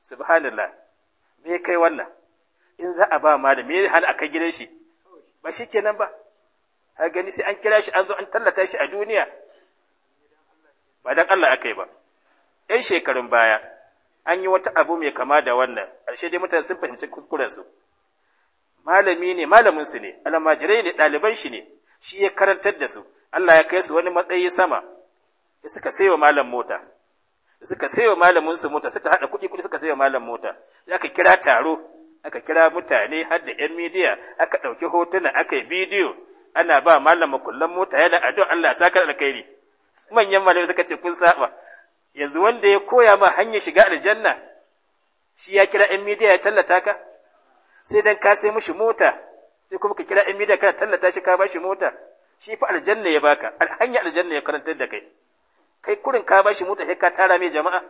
subhanallah, me kai wannan, in za a ba ma da me hana a kai gidan shi, ba shi kenan ba, har gani sai an kira shi an zo an tallata shi a duniya, ba don Allah aka yi ba, ‘yan shekarun baya, an yi wata abu mai kama da wannan, ƙarshe dai mutane sun fahimci kuskurensu. malami ne malamin su ne almajirai ne ɗaliban shi ne shi ya karantar da su Allah ya kai su wani matsayi sama suka sayo malam mota suka sayo malamin su mota suka hada kuɗi kuɗi suka sayo malam mota sai aka kira taro aka kira mutane har da yan midiya aka ɗauki hotuna aka yi bidiyo ana ba malam makullan mota yana addu'a Allah ya saka alkhairi manyan malamai suka ce kun saba yanzu wanda ya koya ma hanyar shiga aljanna shi ya kira yan midiya ya tallata ka sai dan ka sai mishi mota sai kuma ka kira ɗan mida kana tallata shi ka ba shi mota shi fa aljanna ya baka hanya aljanna ya karantar da kai kai kurin ka ba shi mota sai ka tara mai jama'a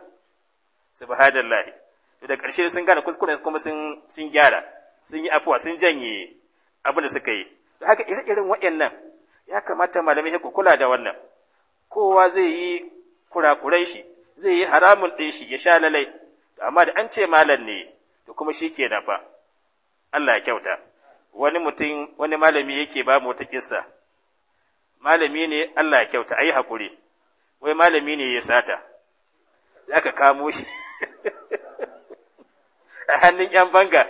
subhanallahi to da karshe sun gane kuskuren kuma sun sun gyara sun yi afuwa sun janye abin da suka yi da haka irin iren wayannan ya kamata malamai ya kula da wannan kowa zai yi kurakurai shi zai yi haramun ɗin shi ya sha lalai amma da an ce malam ne to kuma shi ke fa Allah ya kyauta wani mutum wani malami yake ba mu wata kissa malami ne Allah ya kyauta ayi hakuri wai malami ne ya sata sai aka kamo shi a hannun yan banga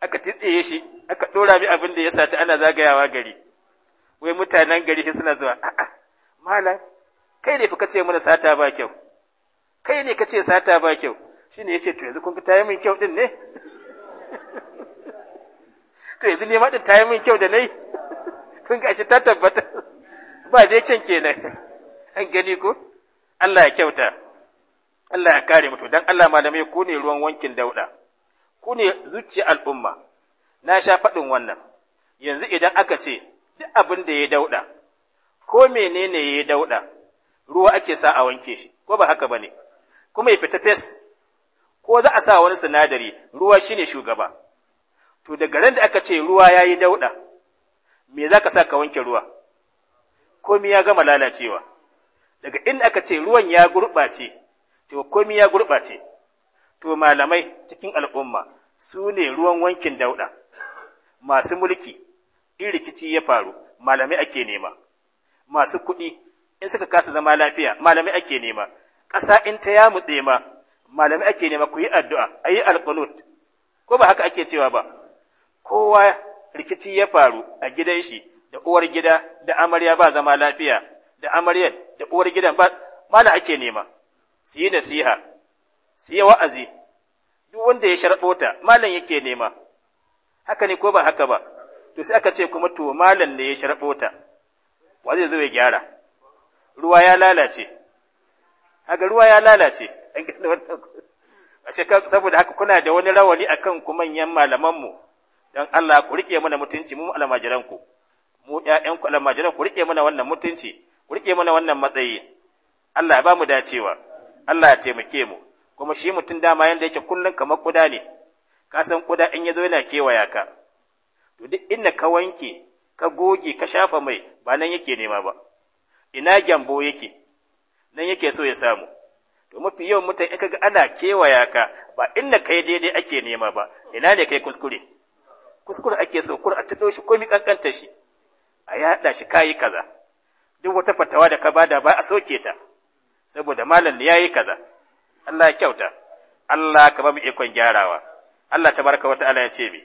aka titsaye shi aka dora mi abin da ya sata ana zagayawa gari wai mutanen gari shi suna zuwa a'a malam kai ne fa kace mana sata ba kyau kai ne kace sata ba kyau shine yace to yanzu kun ga tayi min kyau din ne to yanzu ne maɗin ta yi min kyau da na yi kun gashi ta tabbata ba dai kyan kenan an gani ko Allah ya kyauta Allah ya kare mutu dan Allah malamai ku ne ruwan wankin dauɗa? ku ne al'umma na sha faɗin wannan yanzu idan aka ce duk abin da ya dauɗa. ko menene ya dauɗa? ruwa ake sa a wanke shi ko ba haka bane kuma ya fita fes ko za a sa wani sinadari ruwa shine shugaba to daga ran da aka ce ruwa ya yi dauɗa me za ka sa ka wanke ruwa komi ya gama lalacewa daga inda aka ce ruwan ya gurɓace to komi ya gurɓace to malamai cikin al'umma su ne ruwan wankin dauɗa masu mulki in rikici ya faru malamai ake nema masu kuɗi in suka kasa zama lafiya malamai ake nema ƙasa in ta yamu ma malamai ake nema ku yi addu'a a yi alƙunut ko ba haka ake cewa ba kowa rikici ya faru a gidan shi da uwar gida da amarya ba zama lafiya da amaryar da uwar gidan ba mala ake nema su yi nasiha su yi wa'azi duk wanda ya ta malam yake nema haka ne ko ba haka ba to sai aka ce kuma to malam ne ya ta wa zai zo ya gyara ruwa ya lalace haka ruwa ya lalace saboda haka kuna da wani rawani akan kuma manyan malamanmu dan Allah ku rike mana mutunci mu almajiranku, mu ƴaƴan ku almajiran ku rike mana wannan mutunci ku rike mana wannan matsayi Allah ya ba mu dacewa Allah ya taimake mu kuma shi mutum dama yanda yake kullun kamar kuda ne ka san kuda in ya zo yana kewaya ka to duk inda ka wanke ka goge ka shafa mai ba nan yake nema ba ina gyambo yake nan yake so ya samu to mafi yawan mutane in kaga ana kewaya ka ba inda kai daidai ake nema ba ina ne kai kuskure kuskure ake so kur a tudo shi komai kankanta shi a yaɗa shi kayi kaza duk wata fatawa da ka bada ba a soke ta saboda malam ya yi kaza Allah ya kyauta Allah ka ba mu ikon gyarawa Allah tabaraka wata ta'ala ya ce mi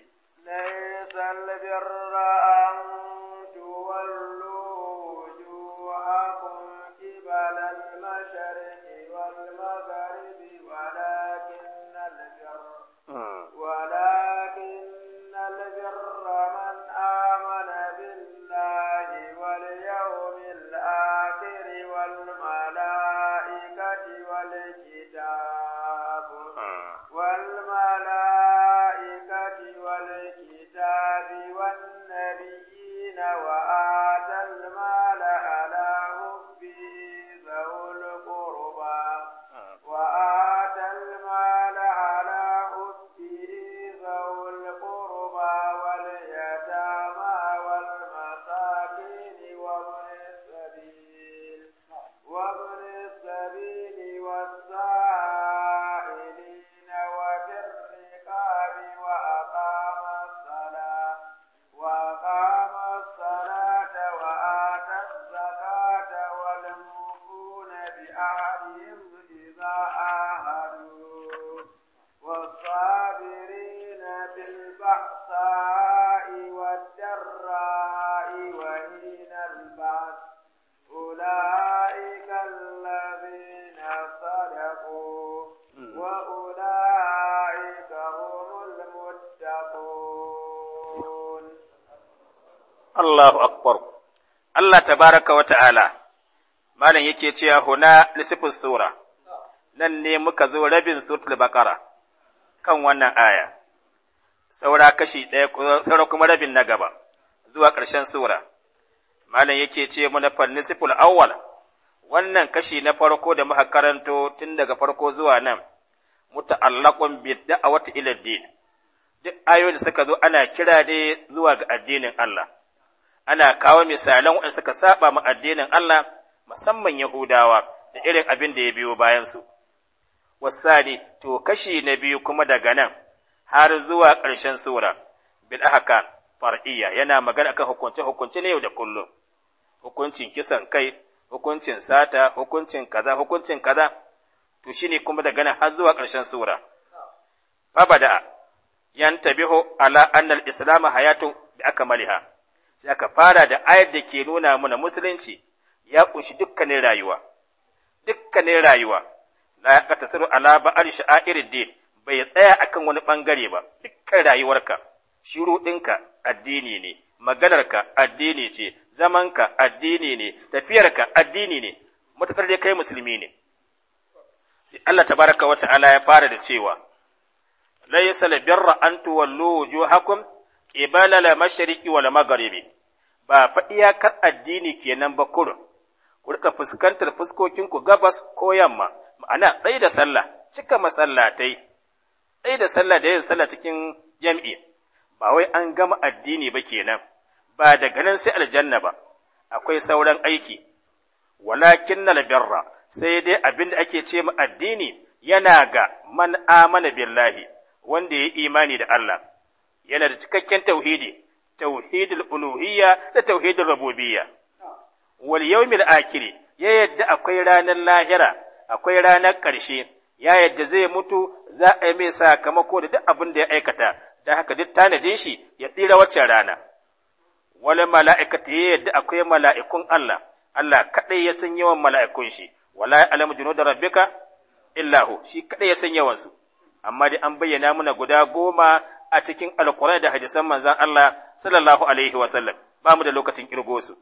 Allahu akbar Allah tabaraka wa ta'ala malam yake cewa huna nisfin sura nan ne muka zo rabin suratul baqara kan wannan aya saura kashi ɗaya saura kuma rabin na gaba zuwa ƙarshen sura malam yake ce mana fannisiful awwal wannan kashi na farko da muka karanto tun daga farko zuwa nan muta'allaqun bi wata ila din duk ayoyin da suka zo ana kira da zuwa ga addinin Allah ana kawo misalan waɗanda suka saba ma addinin Allah musamman Yahudawa da irin abin da ya biyo bayan su wasani to kashi na biyu kuma daga nan har zuwa ƙarshen sura bil ahkam far'iyya yana magana akan hukunce hukunce na yau da kullum hukuncin kisan kai hukuncin sata hukuncin kaza hukuncin kaza to shine kuma daga nan har zuwa ƙarshen sura fabada yantabihu ala annal islamu hayatu hayatun bi maliha. sai aka fara da ayar da ke nuna mana musulunci ya kunshi dukkanin rayuwa dukkanin rayuwa la yaqtasiru ala ba'al sha'airid din bai tsaya akan wani bangare ba dukkan rayuwarka shiru ɗinka addini ne maganarka addini ce zamanka addini ne tafiyarka addini ne matukar dai kai musulmi ne sai Allah tabaraka wa ta'ala ya fara da cewa laysa al birra an tuwallu wujuhakum Ibala la mashriqi wala magharibi ba fa iyakar addini kenan ba kurun ku rika fuskantar fuskokin ku gabas ko yamma ma'ana ɗaya da sallah cika masallatai ɗaya da sallah da yin sallah cikin jam'i ba wai an gama addini ba kenan ba da ganin sai aljanna ba akwai sauran aiki walakin nal sai dai abin da ake ce ma addini yana ga man amana billahi wanda ya imani da Allah yana da cikakken tauhidi tauhidul uluhiyya da tauhidul rububiyya wal yawmil akhir ya yadda akwai ranar lahira akwai ranar ƙarshe ya yadda zai mutu za a yi mai sakamako da duk abin da ya aikata da haka duk tanadin shi ya tsira waccan rana wala mala'ikata ya yadda akwai mala'ikun Allah Allah kaɗai ya san yawan mala'ikun shi wala ya'lamu da rabbika illahu shi kaɗai ya san yawan amma dai an bayyana muna guda goma a cikin alkurai da hadisan manzan Allah sallallahu alaihi wa sallam ba mu da lokacin kirgo su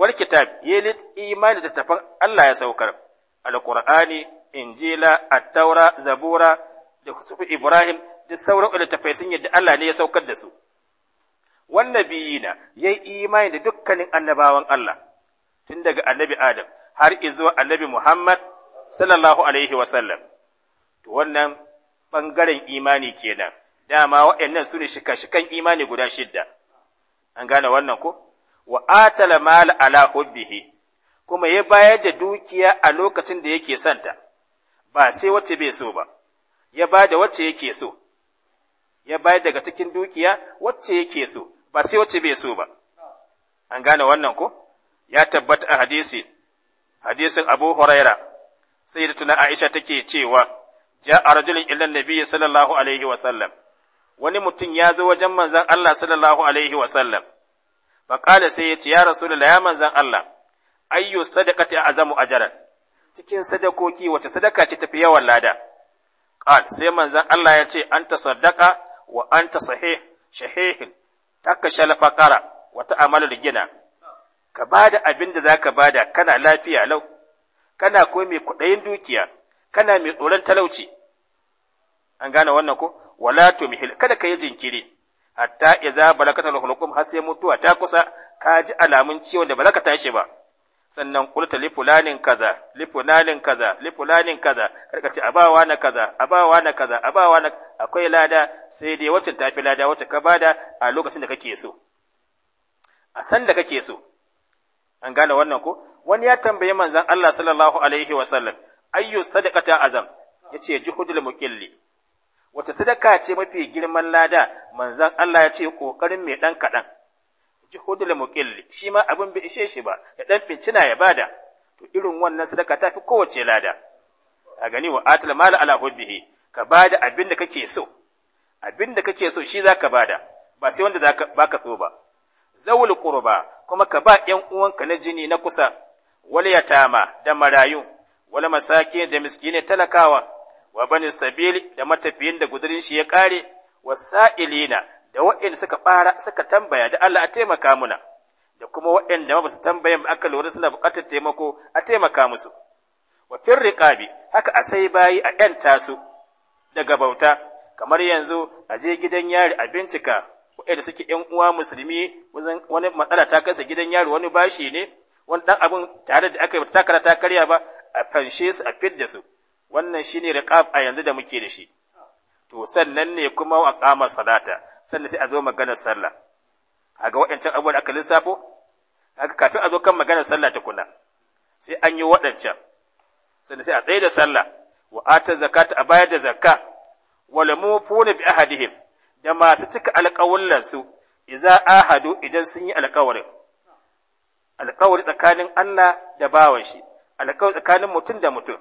wal kitab yi imani da tafan Allah ya saukar alkur'ani injila attaura zabura da sufi ibrahim da sauran littafai sun yadda Allah ne ya saukar da su Wannan ya yayi imani da dukkanin annabawan Allah tun daga annabi Adam har izuwa annabi Muhammad sallallahu alaihi wa sallam to wannan bangaren imani kenan dama waɗannan su ne shika-shikan imani guda shidda an gane wannan ko wa atala mal ala hubbihi kuma ya bayar da dukiya a lokacin da yake santa ba sai wacce bai so ba ya ba da wacce yake so ya bayar daga cikin dukiya wacce yake so ba sai wacce bai so ba an gane wannan ko ya tabbata a hadisi hadisin Abu Huraira sayyidatuna Aisha take cewa a rajulun ila an-nabiy sallallahu alaihi wa sallam wani mutum ya zo wajen manzan Allah sallallahu alaihi wa sallam faqala sai ya ce ya rasulullah ya manzan Allah sadaka ta azamu jarar. cikin sadakoki wace sadaka ce tafi yawan lada qal sai manzan Allah ya ce an ta sadaka wa anta sahih shahihin taka shalfaqara wa ta'amalu gina. ka bada abin da ba bada kana lafiya lau kana ko mai dukiya kana mai tsoron talauci an gane wannan ko wala tumhil kada ka yi jinkiri hatta idza balakata al-hulqum har sai mutuwa ta kusa ka ji alamun ciwon da ba za tashi ba sannan kulta li fulanin kaza li fulanin kaza li fulanin kaza karka ce abawa na kaza abawa na kaza abawa na akwai lada sai dai wacce tafi lada wacce ka bada a lokacin da kake so a san da kake so an gane wannan ko wani ya tambaye manzon Allah sallallahu alaihi wasallam ayyu sadaqata azam yace juhudul muqilli wace sadaka ce mafi girman lada Manzan Allah ya ce kokarin mai dan kadan Jihudul muqilli shi ma abin bai ishe shi ba ya dan fincina ya bada to irin wannan sadaka tafi kowace lada a gani wa atal mala ala hubbihi ka bada abin da kake so abin da kake so shi zaka bada ba sai wanda zaka baka so ba zawul qurba kuma ka ba 'yan uwanka na jini na kusa wal yatama da marayu wal masake da miskine talakawa wa bani sabili da matafiyin da gudurin shi ya kare sa'ilina da waɗanda suka fara suka tambaya da Allah a taimaka muna da kuma waɗanda ba su tambayan ba aka lura suna buƙatar taimako a taimaka musu wa fir haka a sai bayi a yan tasu daga bauta kamar yanzu a je gidan yari a bincika waɗanda suke yan uwa musulmi wani matsala ta kasa gidan yari wani bashi ne wani ɗan abin tare da aka yi takara ta karya ba a fanshe su a fidda su wannan shine riqab a yanzu da muke da shi to sannan ne kuma ƙamar salata sannan sai a zo maganar sallah ga waɗancan abubuwan aka lissafo kaga kafin a zo kan maganar sallah tukuna sai an yi waɗancan sannan sai a tsaye da sallah wa ata zakata a bayar da zakka wala mufuna bi ahadihim da masu cika alƙawullan su ahadu idan sun yi alƙawarin alƙawari tsakanin Allah da bawan shi alƙawari tsakanin mutum da mutum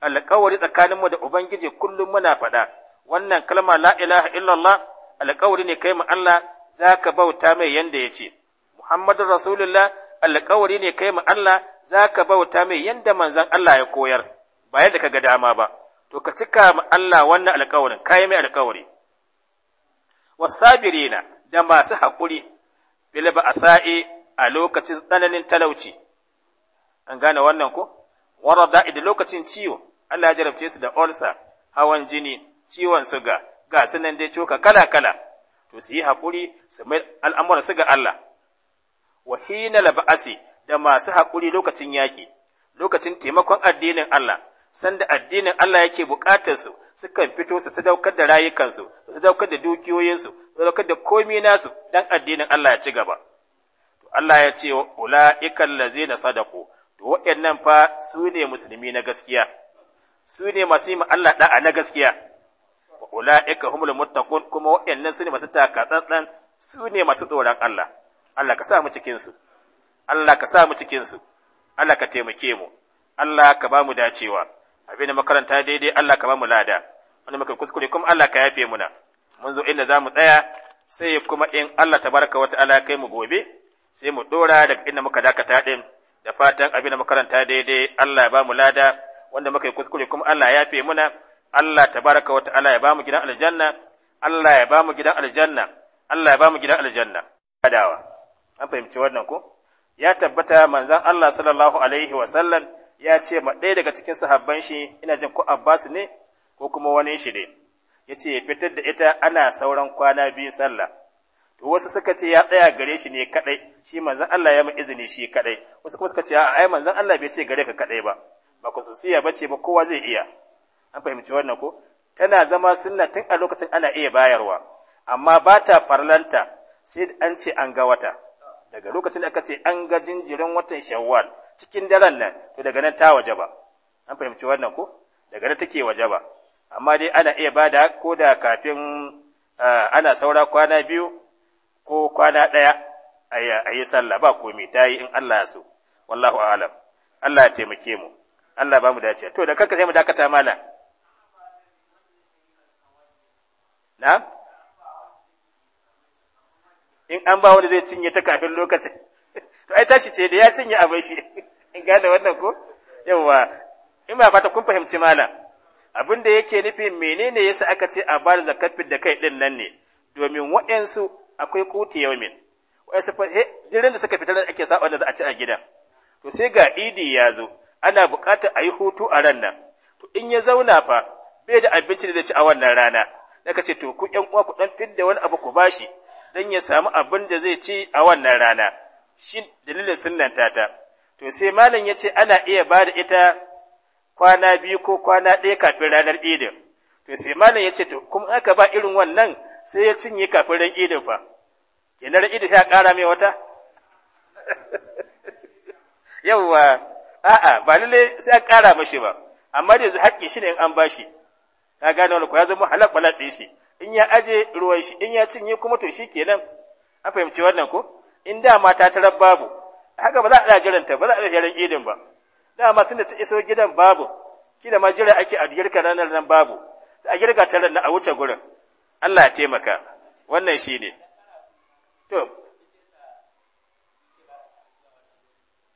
alƙawari tsakaninmu da Ubangiji kullum muna faɗa, wannan kalma la ilaha illallah alƙawari ne kai mu Allah za ka bauta mai yanda ya ce, Muhammadun Rasulullah alƙawari ne kai mu Allah za ka bauta mai yanda manzan Allah ya koyar, ba yadda ka ga dama ba, to ka cika mu Allah wannan alƙawarin, kayi mai alƙawari. Wasabirina da masu haƙuri, bilba a sa'i a lokacin tsananin talauci, an gane wannan ko? warada'i da lokacin ciwo Allah ya jarabce su da olsa hawan jini ciwon suga ga sunan dai coka kala kala to su yi hakuri su mai al'amuran su ga Allah wa hina laba'asi da masu hakuri lokacin yaƙi, lokacin taimakon addinin Allah sanda addinin Allah yake bukatar su sukan fito su sadaukar da rayukansu su sadaukar da dukiyoyinsu su sadaukar da komai nasu dan addinin Allah ya ci gaba to Allah ya ce ulaikal ladzina sadaku, waɗannan fa su ne musulmi na gaskiya su ne masu yi Allah da'a na gaskiya wa ula'ika humul muttaqun kuma waɗannan su ne masu takatsantsan su ne masu tsoron Allah Allah ka sa mu cikin Allah ka sa mu cikin Allah ka taimake mu Allah ka ba mu dacewa abin da makaranta daidai Allah ka ba mu lada wani muka kuskure kuma Allah ka yafe muna mun zo inda zamu tsaya sai kuma in Allah tabaraka wata ala kai mu gobe sai mu ɗora daga inda muka dakata din da fatan abin da makaranta daidai Allah ya ba mu lada wanda muka yi kuskure kuma Allah ya fi muna Allah tabaraka wa ta'ala ya ba mu gidan aljanna Allah ya ba mu gidan aljanna Allah ya ba mu gidan aljanna adawa an fahimci wannan ko ya tabbata manzon Allah sallallahu alaihi wa sallam ya ce ma ɗaya daga cikin sahabban shi ina jin ko Abbas ne ko kuma wani shi ne yace fitar da ita ana sauran kwana biyu sallah wasu suka ce ya tsaya gare shi ne kadai shi manzon Allah ya mai izini shi kadai wasu kuma suka ce a ai manzon Allah bai ce gare ka kadai ba ba kususiya bace ba kowa zai iya an fahimci wannan ko tana zama sunna tun a lokacin ana iya bayarwa amma ba ta farlanta sai an ce an ga wata daga lokacin da aka ce an ga jinjirin watan shawwal cikin daren nan to daga nan ta waje ba, an fahimci wannan ko daga nan take ba, amma dai ana iya bada ko da kafin ah, ana saura kwana biyu ko kwana ɗaya a yi sallah ba komai ta yi in Allah ya so wallahu a'lam Allah ya taimake mu Allah ba mu dace to da karka sai mu dakata mala na in an ba wani zai cinye ta kafin lokacin to ai tashi ce da ya cinye abin shi in gane wannan ko yawa in ba fata kun fahimci mala. abin da yake nufi menene yasa aka ce a ba da zakat da kai din nan ne domin waɗansu akwai kuti yaumin fa jirin da suka fitar ake saba da za a ci a gida to sai ga idi ya zo ana buƙatar a yi hutu a ran nan to in ya zauna fa bai da abinci da zai ci a wannan rana daga ce to ku ƴan uwa ku dan fidda wani abu ku bashi dan ya samu abin da zai ci a wannan rana shi dalilin sunnan tata to sai malam ya ce ana iya ba da ita kwana biyu ko kwana ɗaya kafin ranar idin to sai malam ya ce to kuma aka ba irin wannan sai ya cinye kafin ran idin fa kenan ran idin sai ya ƙara mai wata yawwa a'a ba lalle sai ya ƙara mashi ba amma da yanzu haƙƙi shi ne in an bashi ka gane wani ko ya zama halak balak ɗin shi in ya aje ruwan shi in ya cinye kuma to shi kenan an fahimci wannan ko in da mata ta babu haka ba za a jiranta ba za a ran idin ba dama sun da ta iso gidan babu kila ma jira ake a girka ranar nan babu a girka ta ran a wuce gurin Allah taimaka wannan shi ne to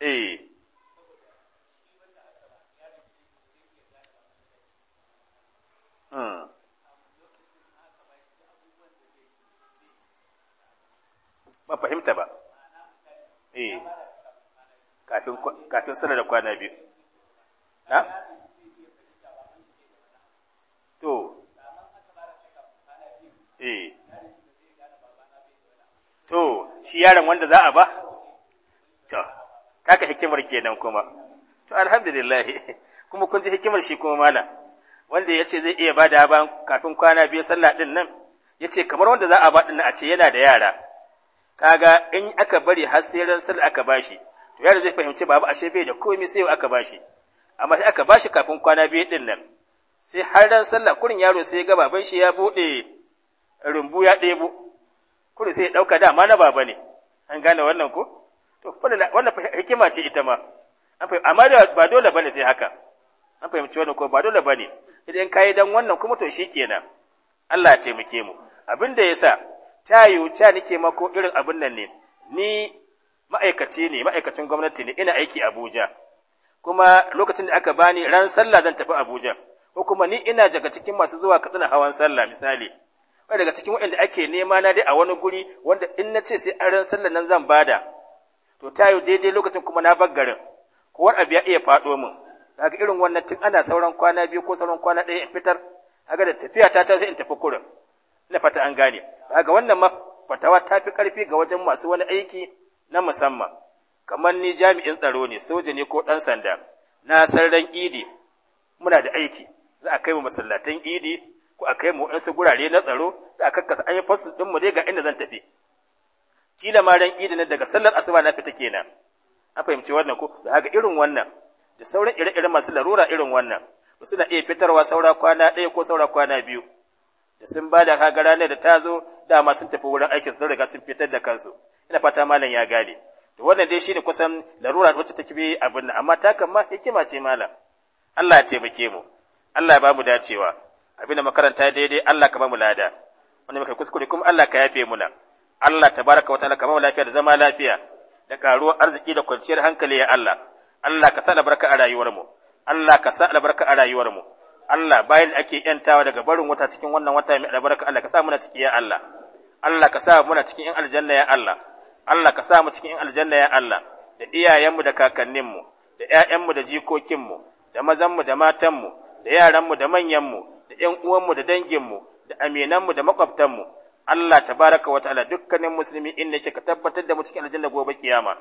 eh hmm. ba fahimta ba eh kafin sana da kwana biyu to eh to shi yaron wanda za a ba to kaka hikimar kenan kuma to alhamdulillahi, kuma kun ji hikimar shi kuma mala. wanda ya ce zai iya ba da ban kafin kwana biyu sallah ɗin nan ya ce kamar wanda za a ba ɗin a ce yana da yara kaga in aka bari har sai ran sallah aka bashi to yaro zai fahimci babu ashe bai da komai sai aka ba shi. amma sai aka ba shi kafin kwana biyu ɗin nan sai har ran sallah kurin yaro sai ga baban shi ya buɗe rumbu ya ɗebo kudu sai ya ɗauka dama na baba ne an gane wannan ko to wannan hikima ce ita ma amma ba dole ba ne sai haka an fahimci wannan ko ba dole ba ne. idan ka yi don wannan kuma to kenan, Allah ya taimake mu abin da sa, ta yiwu ta nake mako irin abin nan ne ni ma'aikaci ne ma'aikacin gwamnati ne ina aiki Abuja kuma lokacin da aka bani ran sallah zan tafi Abuja ko kuma ni ina daga cikin masu zuwa katsina hawan sallah misali Ba daga cikin waɗanda ake nema na dai a wani guri wanda in na ce sai an ran sallar nan zan bada to ta yi daidai lokacin kuma na bar garin kowar abu ya iya faɗo min daga irin wannan tun ana sauran kwana biyu ko sauran kwana ɗaya in fitar haka da tafiya ta ta sai in tafi kurin ina fata an gane kaga wannan fatawa ta fi ƙarfi ga wajen masu wani aiki na musamman kamar ni jami'in tsaro ne soja ne ko ɗan sanda na san ran idi muna da aiki za a kai mu masallatan idi Ku a kai mu su gurare na tsaro da a kakkasa an yi fasul ɗin mu dai ga inda zan tafi kila ma ran idin daga sallar asuba na fita kenan an fahimci wannan ko da haka irin wannan da sauran ire-iren masu larura irin wannan ba suna iya fitarwa saura kwana ɗaya ko saura kwana biyu da sun ba da ranar da ta zo dama sun tafi wurin aikin sun riga sun fitar da kansu ina fata malam ya gane Da wannan dai shine kusan larura wacce take bi abin nan amma ta kan ma hikima ce malam Allah ya taimake mu Allah ya ba mu dacewa abinda makaranta daidai Allah ka ba mu lada wanda muka kuskure kuma Allah ka yafe muna Allah tabaraka wa ta'ala ka ba mu lafiya da zama lafiya da karuwar arziki da kwanciyar hankali ya Allah Allah ka sa albarka a rayuwar mu Allah ka sa albarka a rayuwar mu Allah bayan ake yantawa daga barin wata cikin wannan wata mai albarka Allah ka sa muna ciki ya Allah Allah ka sa muna cikin aljanna ya Allah Allah ka sa mu cikin aljanna ya Allah da iyayenmu da kakanninmu da ƴaƴanmu da jikokinmu da mazanmu da matanmu da yaranmu da manyanmu ‘yan uwanmu da danginmu, da aminanmu da makwabtanmu, Allah ta baraka wa ta'ala dukkanin musulmi inda yake ka tabbatar da mu cikin aljanna gobe kiyama.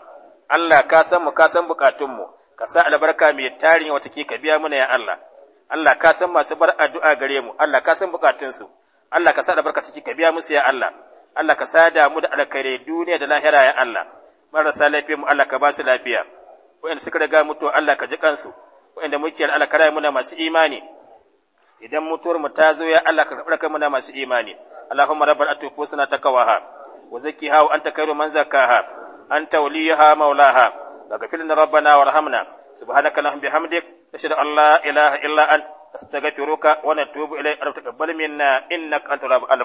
Allah ka san mu ka san bukatunmu, ka sa albarka mai tarin wata ke ka biya mana ya Allah. Allah ka san masu bar addu'a gare mu, Allah ka san bukatunsu. Allah ka sa albarka ciki ka biya musu ya Allah. Allah ka sa damu da alkhairai duniya da lahira ya Allah. Marasa lafiya mu Allah ka ba su lafiya. Wa'anda suka riga mutuwa Allah ka ji kansu. wayanda muke Allah ka raya muna masu imani. idan mutuwar mu ta zo ya Allah ka karɓar kai muna masu imani Allahumma rabbal atufu sana takawaha wa zakkiha wa anta khairu man zakkaha anta waliyaha maulaha laghfir lana rabbana warhamna subhanaka allahumma bihamdik ashhadu an la ilaha illa anta astaghfiruka wa natubu ilayk rabbana taqabbal minna innaka antal